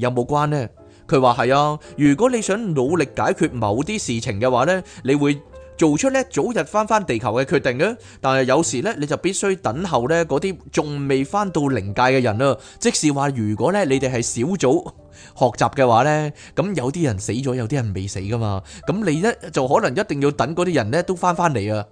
有冇關呢？佢話係啊，如果你想努力解決某啲事情嘅話呢，你會做出呢，早日翻翻地球嘅決定嘅。但係有時呢，你就必須等候呢嗰啲仲未翻到靈界嘅人啊。即係話，如果呢你哋係小組學習嘅話呢，咁有啲人死咗，有啲人未死噶嘛。咁你呢，就可能一定要等嗰啲人呢都翻翻嚟啊。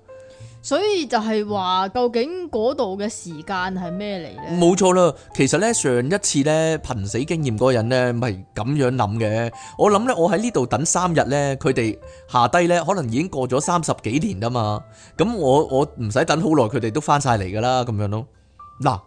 所以就係話，究竟嗰度嘅時間係咩嚟咧？冇錯啦，其實呢，上一次呢，憑死經驗嗰個人呢，唔係咁樣諗嘅。我諗呢，我喺呢度等三日呢，佢哋下低呢，可能已經過咗三十幾年啊嘛。咁我我唔使等好耐，佢哋都翻晒嚟噶啦，咁樣咯。嗱。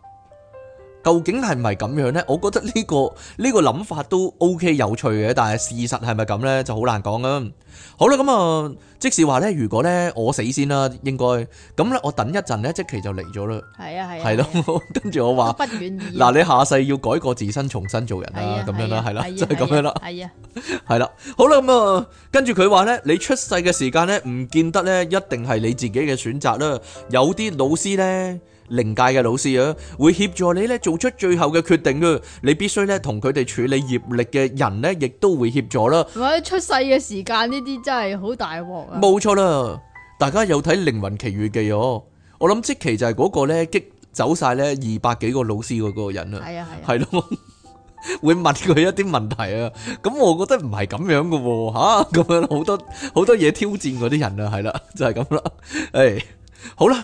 究竟係唔係咁樣呢？我覺得呢個呢個諗法都 O K 有趣嘅，但係事實係咪咁呢就好難講啊。好啦，咁啊，即使話呢，如果呢，我死先啦，應該咁咧，我等一陣呢，即期就嚟咗啦。係啊係。係咯，跟住我話。不願意。嗱，你下世要改過自身，重新做人啦，咁樣啦，係啦，就係咁樣啦。係啊。係啦。好啦，咁啊，跟住佢話呢，你出世嘅時間呢，唔見得呢，一定係你自己嘅選擇啦。有啲老師呢。靈界嘅老師啊，會協助你咧做出最後嘅決定啊！你必須咧同佢哋處理業力嘅人咧，亦都會協助啦。我喺出世嘅時間呢啲真係好大鑊啊！冇錯啦，大家有睇《靈魂奇遇記》哦，我諗即期就係嗰個咧激走晒咧二百幾個老師嘅嗰個人啊！係啊係啊，係咯，會問佢一啲問題啊！咁我覺得唔係咁樣嘅喎，吓咁樣好多好多嘢挑戰嗰啲人啊！係啦，就係咁啦，誒，好啦。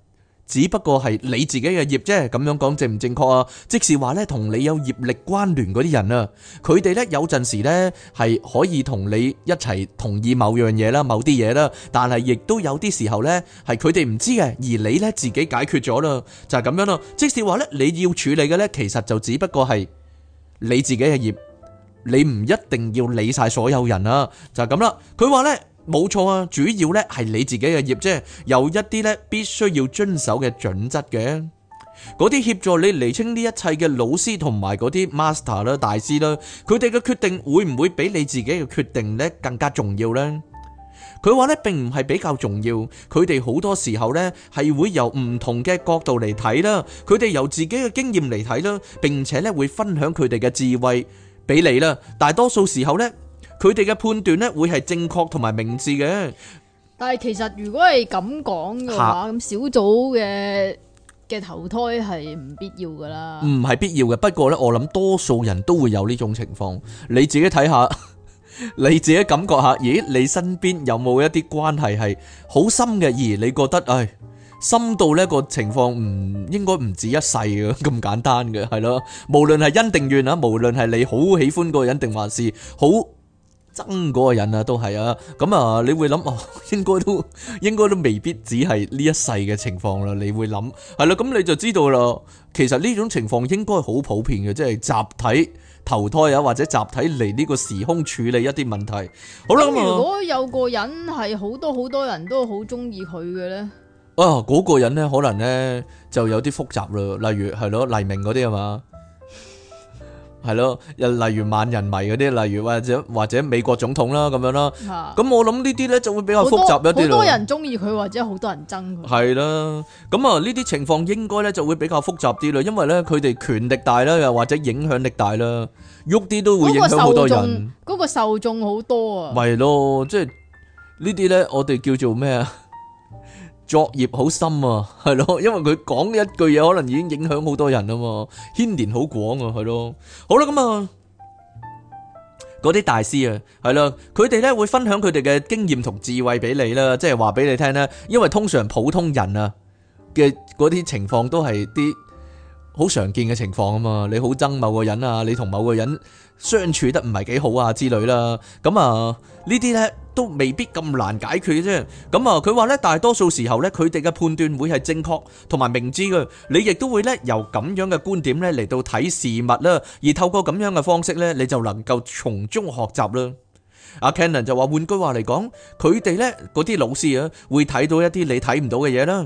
只不過係你自己嘅業啫，咁樣講正唔正確啊？即是話呢，同你有業力關聯嗰啲人啊，佢哋呢有陣時呢係可以同你一齊同意某樣嘢啦，某啲嘢啦，但係亦都有啲時候呢係佢哋唔知嘅，而你呢自己解決咗啦，就係咁樣咯。即是話呢，你要處理嘅呢，其實就只不過係你自己嘅業，你唔一定要理晒所有人啊，就係咁啦。佢話呢。冇錯啊，主要咧係你自己嘅業啫，有一啲咧必須要遵守嘅準則嘅，嗰啲協助你厘清呢一切嘅老師同埋嗰啲 master 啦、大師啦，佢哋嘅決定會唔會比你自己嘅決定咧更加重要咧？佢話咧並唔係比較重要，佢哋好多時候咧係會由唔同嘅角度嚟睇啦，佢哋由自己嘅經驗嚟睇啦，並且咧會分享佢哋嘅智慧俾你啦，大多數時候咧。佢哋嘅判斷呢會係正確同埋明智嘅，但係其實如果係咁講嘅話，咁小組嘅嘅投胎係唔必要噶啦，唔係必要嘅。不過呢，我諗多數人都會有呢種情況，你自己睇下，你自己感覺下，咦？你身邊有冇一啲關係係好深嘅，而你覺得，唉，深到呢個情況唔應該唔止一世嘅咁簡單嘅，係咯？無論係恩定怨啊，無論係你好喜歡嗰個人定還是好。憎嗰個人啊，都係啊，咁啊，你會諗哦，應該都應該都未必只係呢一世嘅情況啦，你會諗係啦，咁、啊、你就知道啦。其實呢種情況應該好普遍嘅，即係集體投胎啊，或者集體嚟呢個時空處理一啲問題。好啦、啊，如果有個人係好多好多人都好中意佢嘅呢，啊，嗰、那個人呢，可能呢就有啲複雜啦，例如係咯、啊、黎明嗰啲啊嘛。係咯，又例如萬人迷嗰啲，例如或者或者美國總統啦咁樣啦。咁、啊、我諗呢啲咧就會比較複雜一啲咯。好多，多人中意佢，或者好多人憎佢。係啦，咁啊呢啲情況應該咧就會比較複雜啲啦，因為咧佢哋權力大啦，又或者影響力大啦，喐啲都會影響好多人。嗰個受眾好、嗰個、多啊。咪咯，即係呢啲咧，我哋叫做咩啊？作業好深啊，係咯，因為佢講呢一句嘢，可能已經影響好多人啊嘛，牽連好廣啊，係咯，好啦咁啊，嗰啲大師啊，係咯，佢哋咧會分享佢哋嘅經驗同智慧俾你啦，即係話俾你聽啦，因為通常普通人啊嘅嗰啲情況都係啲。好常見嘅情況啊嘛，你好憎某個人啊，你同某個人相處得唔係幾好啊之類啦，咁啊呢啲呢都未必咁難解決嘅啫。咁啊，佢話呢，大多數時候呢，佢哋嘅判斷會係正確同埋明智嘅，你亦都會呢，由咁樣嘅觀點呢嚟到睇事物啦，而透過咁樣嘅方式呢，你就能夠從中學習啦。阿 Canon 就話換句話嚟講，佢哋呢嗰啲老師啊，會睇到一啲你睇唔到嘅嘢啦。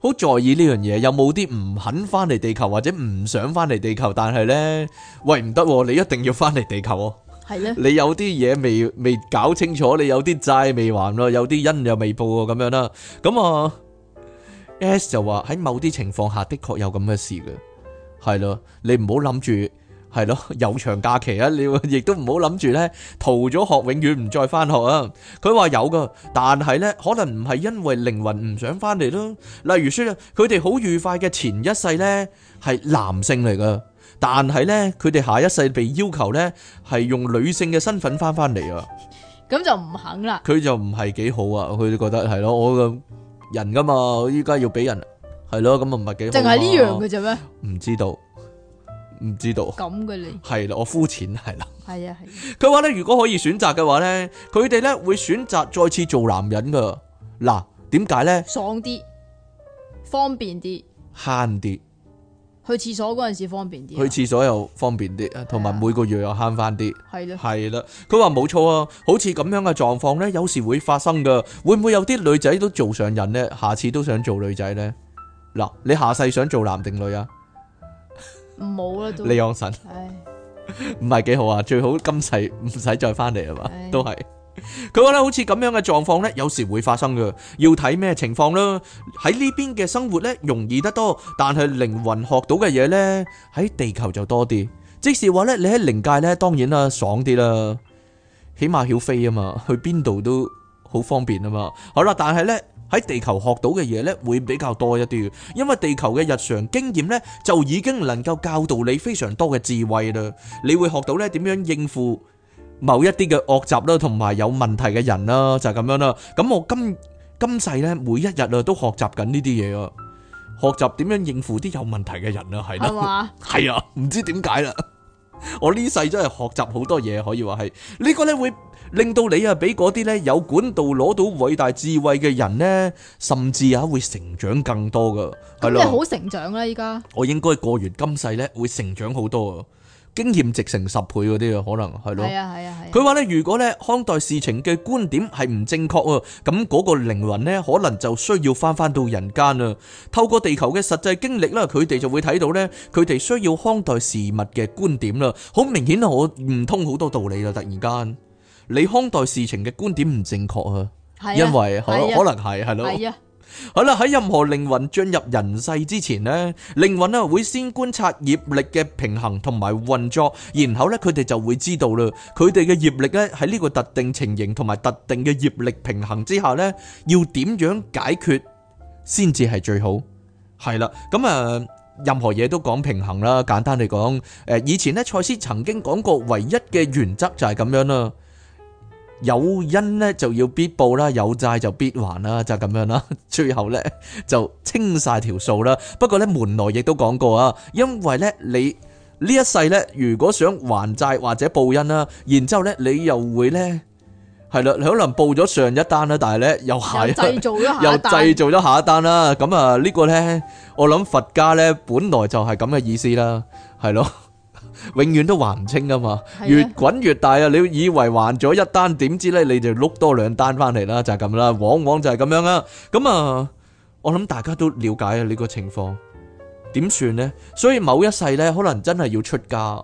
好在意呢樣嘢，有冇啲唔肯翻嚟地球，或者唔想翻嚟地球？但係呢，喂唔得，你一定要翻嚟地球哦。係呢，你有啲嘢未未搞清楚，你有啲債未還咯，有啲恩又未報咁樣啦。咁、嗯、啊，S 就話喺某啲情況下的確有咁嘅事嘅，係咯，你唔好諗住。係咯， 有長假期啊！你亦都唔好諗住咧，逃咗學永遠唔再翻學啊！佢話有噶，但係咧可能唔係因為靈魂唔想翻嚟咯。例如說啦，佢哋好愉快嘅前一世咧係男性嚟噶，但係咧佢哋下一世被要求咧係用女性嘅身份翻翻嚟啊！咁 就唔肯啦。佢就唔係幾好啊！佢覺得係咯，我個人噶嘛，依家要俾人係咯，咁啊唔係幾好淨係呢樣嘅啫咩？唔知道。唔知道咁嘅你係啦，我膚淺係啦，係啊係。佢話咧，如果可以選擇嘅話咧，佢哋咧會選擇再次做男人噶。嗱，點解咧？爽啲，方便啲，慳啲。去廁所嗰陣時方便啲，啊，去廁所又方便啲，同埋每個月又慳翻啲，係啦，係啦。佢話冇錯啊，好似咁樣嘅狀況咧，有時會發生噶。會唔會有啲女仔都做上癮咧？下次都想做女仔咧？嗱，你下世想做男定女啊？冇啦，都李昂臣，唉，唔係幾好啊，最好今世唔使再翻嚟，係嘛，都係。佢 覺得好似咁樣嘅狀況呢，有時會發生嘅，要睇咩情況啦。喺呢邊嘅生活呢，容易得多，但係靈魂學到嘅嘢呢，喺地球就多啲。即是話呢，你喺靈界呢，當然啦，爽啲啦，起碼曉飛啊嘛，去邊度都好方便啊嘛。好啦，但係呢。喺地球學到嘅嘢咧會比較多一啲嘅，因為地球嘅日常經驗咧就已經能夠教導你非常多嘅智慧啦。你會學到咧點樣應付某一啲嘅惡習啦，同埋有問題嘅人啦，就係咁樣啦。咁我今今世咧每一日啊都學習緊呢啲嘢啊，學習點樣應付啲有問題嘅人啊，係啦，係啊，唔知點解啦。我呢世真係學習好多嘢，可以話係呢個呢會令到你啊，畀嗰啲呢有管道攞到偉大智慧嘅人呢，甚至啊會成長更多噶。係咯，你好成長啦，依家我應該過完今世呢，會成長好多啊。經驗值成十倍嗰啲啊，可能係咯。佢話咧，如果咧看待事情嘅觀點係唔正確啊，咁嗰個靈魂咧可能就需要翻翻到人間啦。透過地球嘅實際經歷啦，佢哋就會睇到咧，佢哋需要看待事物嘅觀點啦。好明顯啊，我唔通好多道理啊！突然間，你看待事情嘅觀點唔正確啊，因為可能係係咯。好啦，喺任何靈魂進入人世之前咧，靈魂啊會先觀察業力嘅平衡同埋運作，然後咧佢哋就會知道啦，佢哋嘅業力咧喺呢個特定情形同埋特定嘅業力平衡之下咧，要點樣解決先至係最好。係啦，咁啊，任何嘢都講平衡啦。簡單嚟講，誒，以前咧賽斯曾經講過，唯一嘅原則就係咁樣啦。有恩咧就要必報啦，有債就必還啦，就咁、係、樣啦。最後咧就清晒條數啦。不過咧門內亦都講過啊，因為咧你呢一世咧如果想還債或者報恩啦，然之後咧你又會咧係啦，你可能報咗上一單啦，但係咧又下一又製造咗下又製造咗下一單啦。咁啊、嗯這個、呢個咧我諗佛家咧本來就係咁嘅意思啦，係咯。永遠都還唔清噶嘛，的越滾越大啊！你以為還咗一單，點知咧你就碌多兩單翻嚟啦，就係咁啦，往往就係咁樣啊！咁啊，我諗大家都了解呢個情況，點算呢？所以某一世呢，可能真係要出家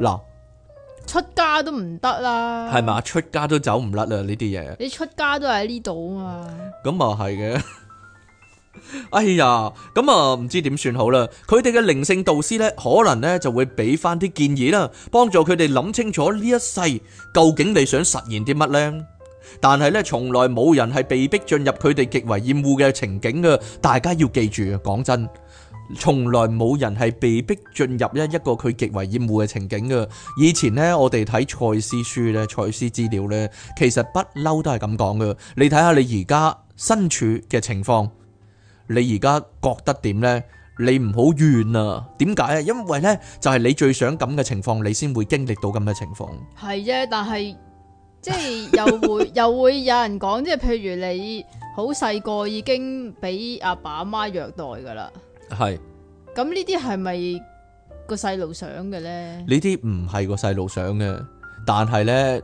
嗱，出家都唔得啦，係咪？出家都走唔甩啦呢啲嘢，你出家都喺呢度啊嘛，咁啊係嘅。 哎呀，咁啊，唔知點算好啦。佢哋嘅靈性導師咧，可能咧就會俾翻啲建議啦，幫助佢哋諗清楚呢一世究竟你想實現啲乜咧。但係咧，從來冇人係被逼進入佢哋極為厭惡嘅情景噶。大家要記住啊，講真，從來冇人係被逼進入一一個佢極為厭惡嘅情景噶。以前咧，我哋睇賽斯書咧，賽斯資料咧，其實不嬲都係咁講噶。你睇下你而家身處嘅情況。你而家覺得點呢？你唔好怨啊！點解啊？因為呢，就係你最想咁嘅情況，你先會經歷到咁嘅情況。係啫，但係即係又會又會有人講，即係譬如你好細個已經俾阿爸阿媽虐待噶啦。係。咁呢啲係咪個細路想嘅呢？呢啲唔係個細路想嘅，但係呢。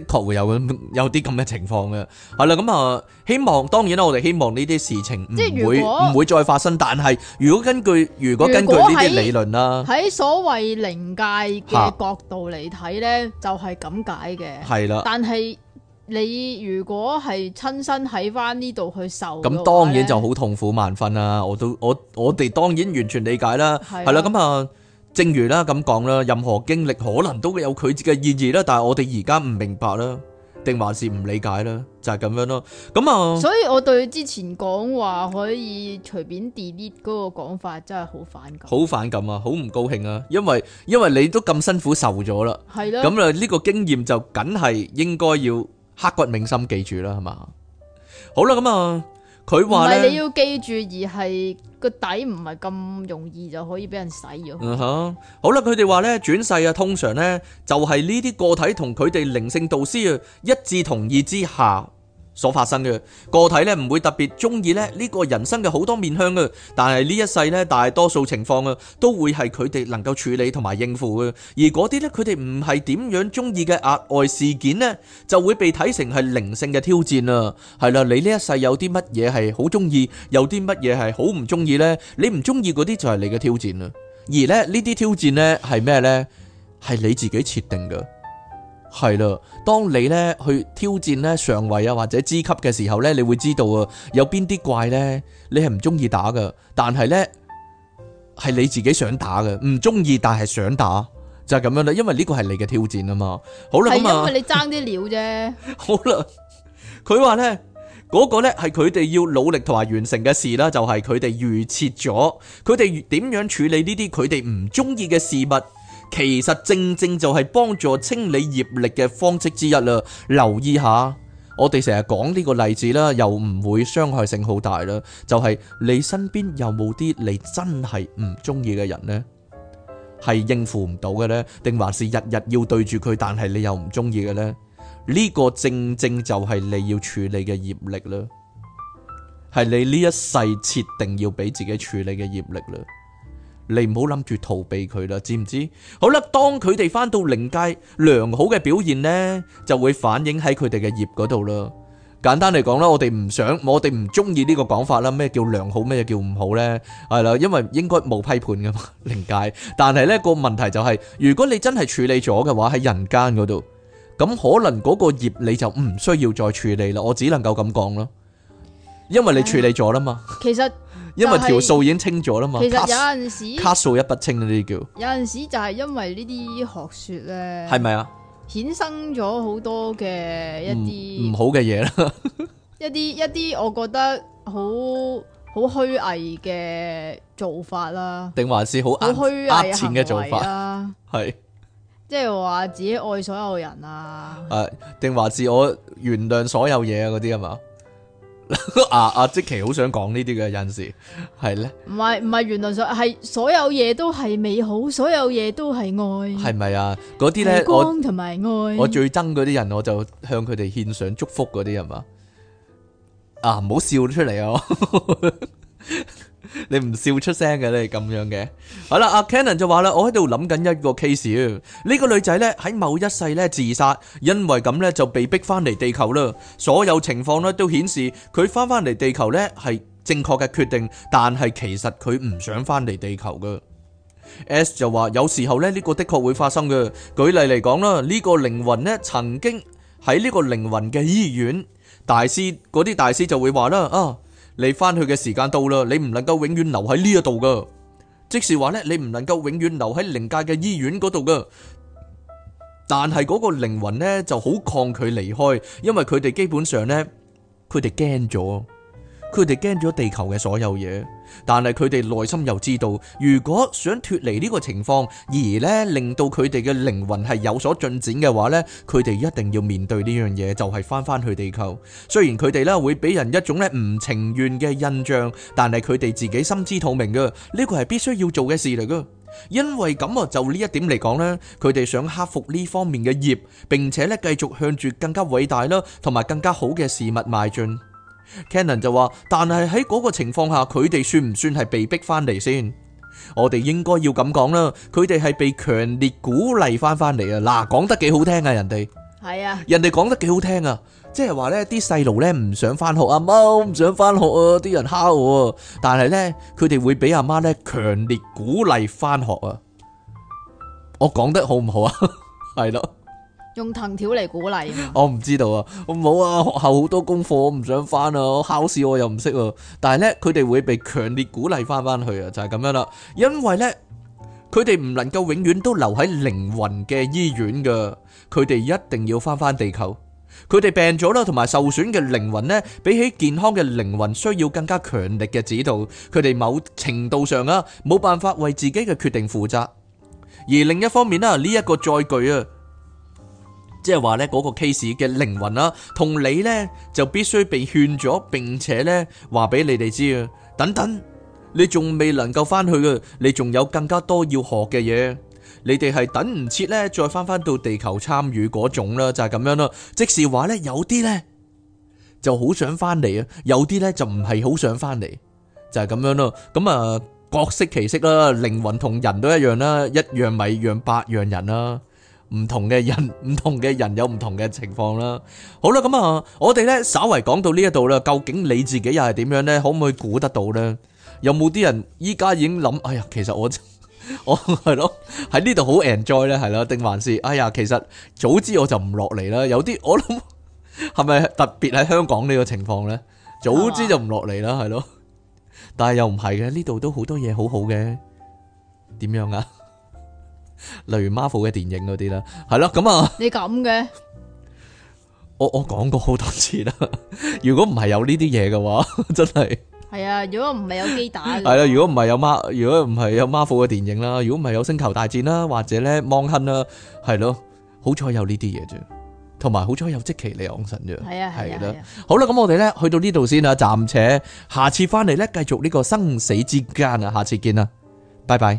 的確會有有啲咁嘅情況嘅，係啦，咁啊，希望當然啦，我哋希望呢啲事情唔會唔會再發生。但係如果根據如果根據呢啲理論啦，喺所謂靈界嘅角度嚟睇咧，就係咁解嘅。係啦，但係你如果係親身喺翻呢度去受，咁當然就好痛苦萬分啦。我都我我哋當然完全理解啦。係啦，咁啊。正如啦咁講啦，任何經歷可能都會有佢嘅意義啦，但係我哋而家唔明白啦，定還是唔理解啦，就係咁樣咯。咁啊，所以我對之前講話可以隨便 delete 嗰個講法真係好反感，好反感啊，好唔高興啊，因為因為你都咁辛苦受咗啦，係啦，咁啊呢個經驗就梗係應該要刻骨銘心記住啦，係嘛？好啦，咁啊。佢話咧，唔係你要記住，而係個底唔係咁容易就可以俾人洗咗。嗯哼、uh，huh. 好啦，佢哋話咧，轉世啊，通常咧就係呢啲個體同佢哋靈性導師啊一致同意之下。所發生嘅個體咧，唔會特別中意咧呢個人生嘅好多面向嘅，但係呢一世咧大多數情況啊，都會係佢哋能夠處理同埋應付嘅。而嗰啲咧佢哋唔係點樣中意嘅額外事件呢，就會被睇成係靈性嘅挑戰啊。係啦，你呢一世有啲乜嘢係好中意，有啲乜嘢係好唔中意呢？你唔中意嗰啲就係你嘅挑戰啦。而呢呢啲挑戰呢係咩呢？係你自己設定嘅。係啦，當你咧去挑戰咧上位啊或者支級嘅時候咧，你會知道啊有邊啲怪咧你係唔中意打嘅，但係咧係你自己想打嘅，唔中意但係想打就係、是、咁樣啦，因為呢個係你嘅挑戰啊嘛。好啦，係因為你爭啲料啫。 好啦，佢話咧嗰個咧係佢哋要努力同埋完成嘅事啦，就係佢哋預設咗，佢哋點樣處理呢啲佢哋唔中意嘅事物。其實正正就係幫助清理業力嘅方式之一啦。留意下，我哋成日講呢個例子啦，又唔會傷害性好大啦。就係你身邊有冇啲你真係唔中意嘅人呢？係應付唔到嘅呢？定還是日日要對住佢，但係你又唔中意嘅呢？呢個正正就係你要處理嘅業力啦，係你呢一世設定要俾自己處理嘅業力啦。你唔好諗住逃避佢啦，知唔知？好啦，當佢哋翻到靈界良好嘅表現呢，就會反映喺佢哋嘅業嗰度啦。簡單嚟講啦，我哋唔想，我哋唔中意呢個講法啦。咩叫良好？咩叫唔好呢？係啦，因為應該冇批判噶嘛，靈界。但係呢個問題就係，如果你真係處理咗嘅話喺人間嗰度，咁可能嗰個業你就唔需要再處理啦。我只能夠咁講囉。因為你處理咗啦嘛，其實因為條數已經清咗啦嘛。其實有陣時卡數一筆清呢啲叫。有陣時就係因為呢啲學說咧，係咪啊？衍生咗好多嘅 一啲唔好嘅嘢啦，一啲一啲我覺得好好虛偽嘅做法啦，定還是好虛偽嘅做法啦，係即係話自己愛所有人啊，誒、呃，定還是我原諒所有嘢啊嗰啲啊嘛？嗱，阿阿即琪好想講呢啲嘅，有陣時係咧，唔係唔係，原來所係所有嘢都係美好，所有嘢都係愛，係咪啊？嗰啲咧，光同埋愛我，我最憎嗰啲人，我就向佢哋獻上祝福嗰啲人啊，啊，唔好笑得出嚟啊！ 你唔笑出聲嘅，你咁樣嘅。好啦，阿 Canon 就話啦，我喺度諗緊一個 case。啊。呢個女仔呢，喺某一世呢自殺，因為咁呢就被逼翻嚟地球啦。所有情況呢都顯示佢翻翻嚟地球呢係正確嘅決定，但係其實佢唔想翻嚟地球噶。S 就話有時候呢呢個的確會發生噶。舉例嚟講啦，呢個靈魂呢曾經喺呢個靈魂嘅醫院，大師嗰啲大師就會話啦啊。你翻去嘅時間到啦，你唔能夠永遠留喺呢一度噶，即是話咧，你唔能夠永遠留喺靈界嘅醫院嗰度噶。但係嗰個靈魂咧就好抗拒離開，因為佢哋基本上咧，佢哋驚咗。佢哋驚咗地球嘅所有嘢，但係佢哋內心又知道，如果想脫離呢個情況，而咧令到佢哋嘅靈魂係有所進展嘅話咧，佢哋一定要面對呢樣嘢，就係翻翻去地球。雖然佢哋咧會俾人一種咧唔情願嘅印象，但係佢哋自己心知肚明噶，呢個係必須要做嘅事嚟噶。因為咁啊，就呢一點嚟講咧，佢哋想克服呢方面嘅業，並且咧繼續向住更加偉大啦，同埋更加好嘅事物邁進。Canon 就話，但係喺嗰個情況下，佢哋算唔算係被逼翻嚟先？我哋應該要咁講啦，佢哋係被強烈鼓勵翻翻嚟啊！嗱，講得幾好聽啊，就是，人哋係啊，人哋講得幾好聽啊，即係話呢啲細路呢唔想翻學啊，阿媽唔想翻學啊，啲人蝦我，但係呢，佢哋會俾阿媽呢強烈鼓勵翻學啊。我講得好唔好啊？係 咯。用藤條嚟鼓勵啊！我唔知道啊，我冇啊，學校好多功課，我唔想翻啊，我考試我又唔識啊。但係咧，佢哋會被強烈鼓勵翻翻去啊，就係咁樣啦。因為咧，佢哋唔能夠永遠都留喺靈魂嘅醫院噶，佢哋一定要翻翻地球。佢哋病咗啦，同埋受損嘅靈魂咧，比起健康嘅靈魂，需要更加強力嘅指導。佢哋某程度上啊，冇辦法為自己嘅決定負責。而另一方面啦，呢一個載具啊！即係話呢，嗰個 case 嘅靈魂啦，同你呢就必須被勸咗，並且呢話俾你哋知啊，等等，你仲未能夠翻去嘅，你仲有更加多要學嘅嘢，你哋係等唔切呢，再翻翻到地球參與嗰種啦，就係咁樣咯。即是話呢，有啲呢就好想翻嚟啊，有啲呢就唔係好想翻嚟，就係咁樣咯。咁啊，各色其色啦，靈魂同人都一樣啦，一樣米養百樣人啦。唔同嘅人，唔同嘅人有唔同嘅情況啦。好啦，咁啊，我哋咧稍為講到呢一度啦。究竟你自己又係點樣咧？可唔可以估得到咧？有冇啲人依家已經諗：哎呀，其實我我係咯，喺呢度好 enjoy 咧，係啦？定還是哎呀，其實早知我就唔落嚟啦。有啲我諗係咪特別喺香港呢個情況咧？早知就唔落嚟啦，係咯？但係又唔係嘅，呢度都好多嘢好好嘅。點樣啊？例如 Marvel 嘅電影嗰啲啦，係咯咁啊，你咁嘅，我我講過好多次啦。如果唔係有呢啲嘢嘅話，真係係啊。如果唔係有機蛋，係啦 如果唔係有馬，如果唔係有 Marvel 嘅電影啦，如果唔係有星球大戰啦，或者咧《汪坑》啦，係咯。好彩有呢啲嘢啫，同埋好彩有即其你昂神啫。係啊，係啦。好啦，咁我哋咧去到呢度先啦，暫且下次翻嚟咧繼續呢個生死之間啊，下次見啦，拜拜。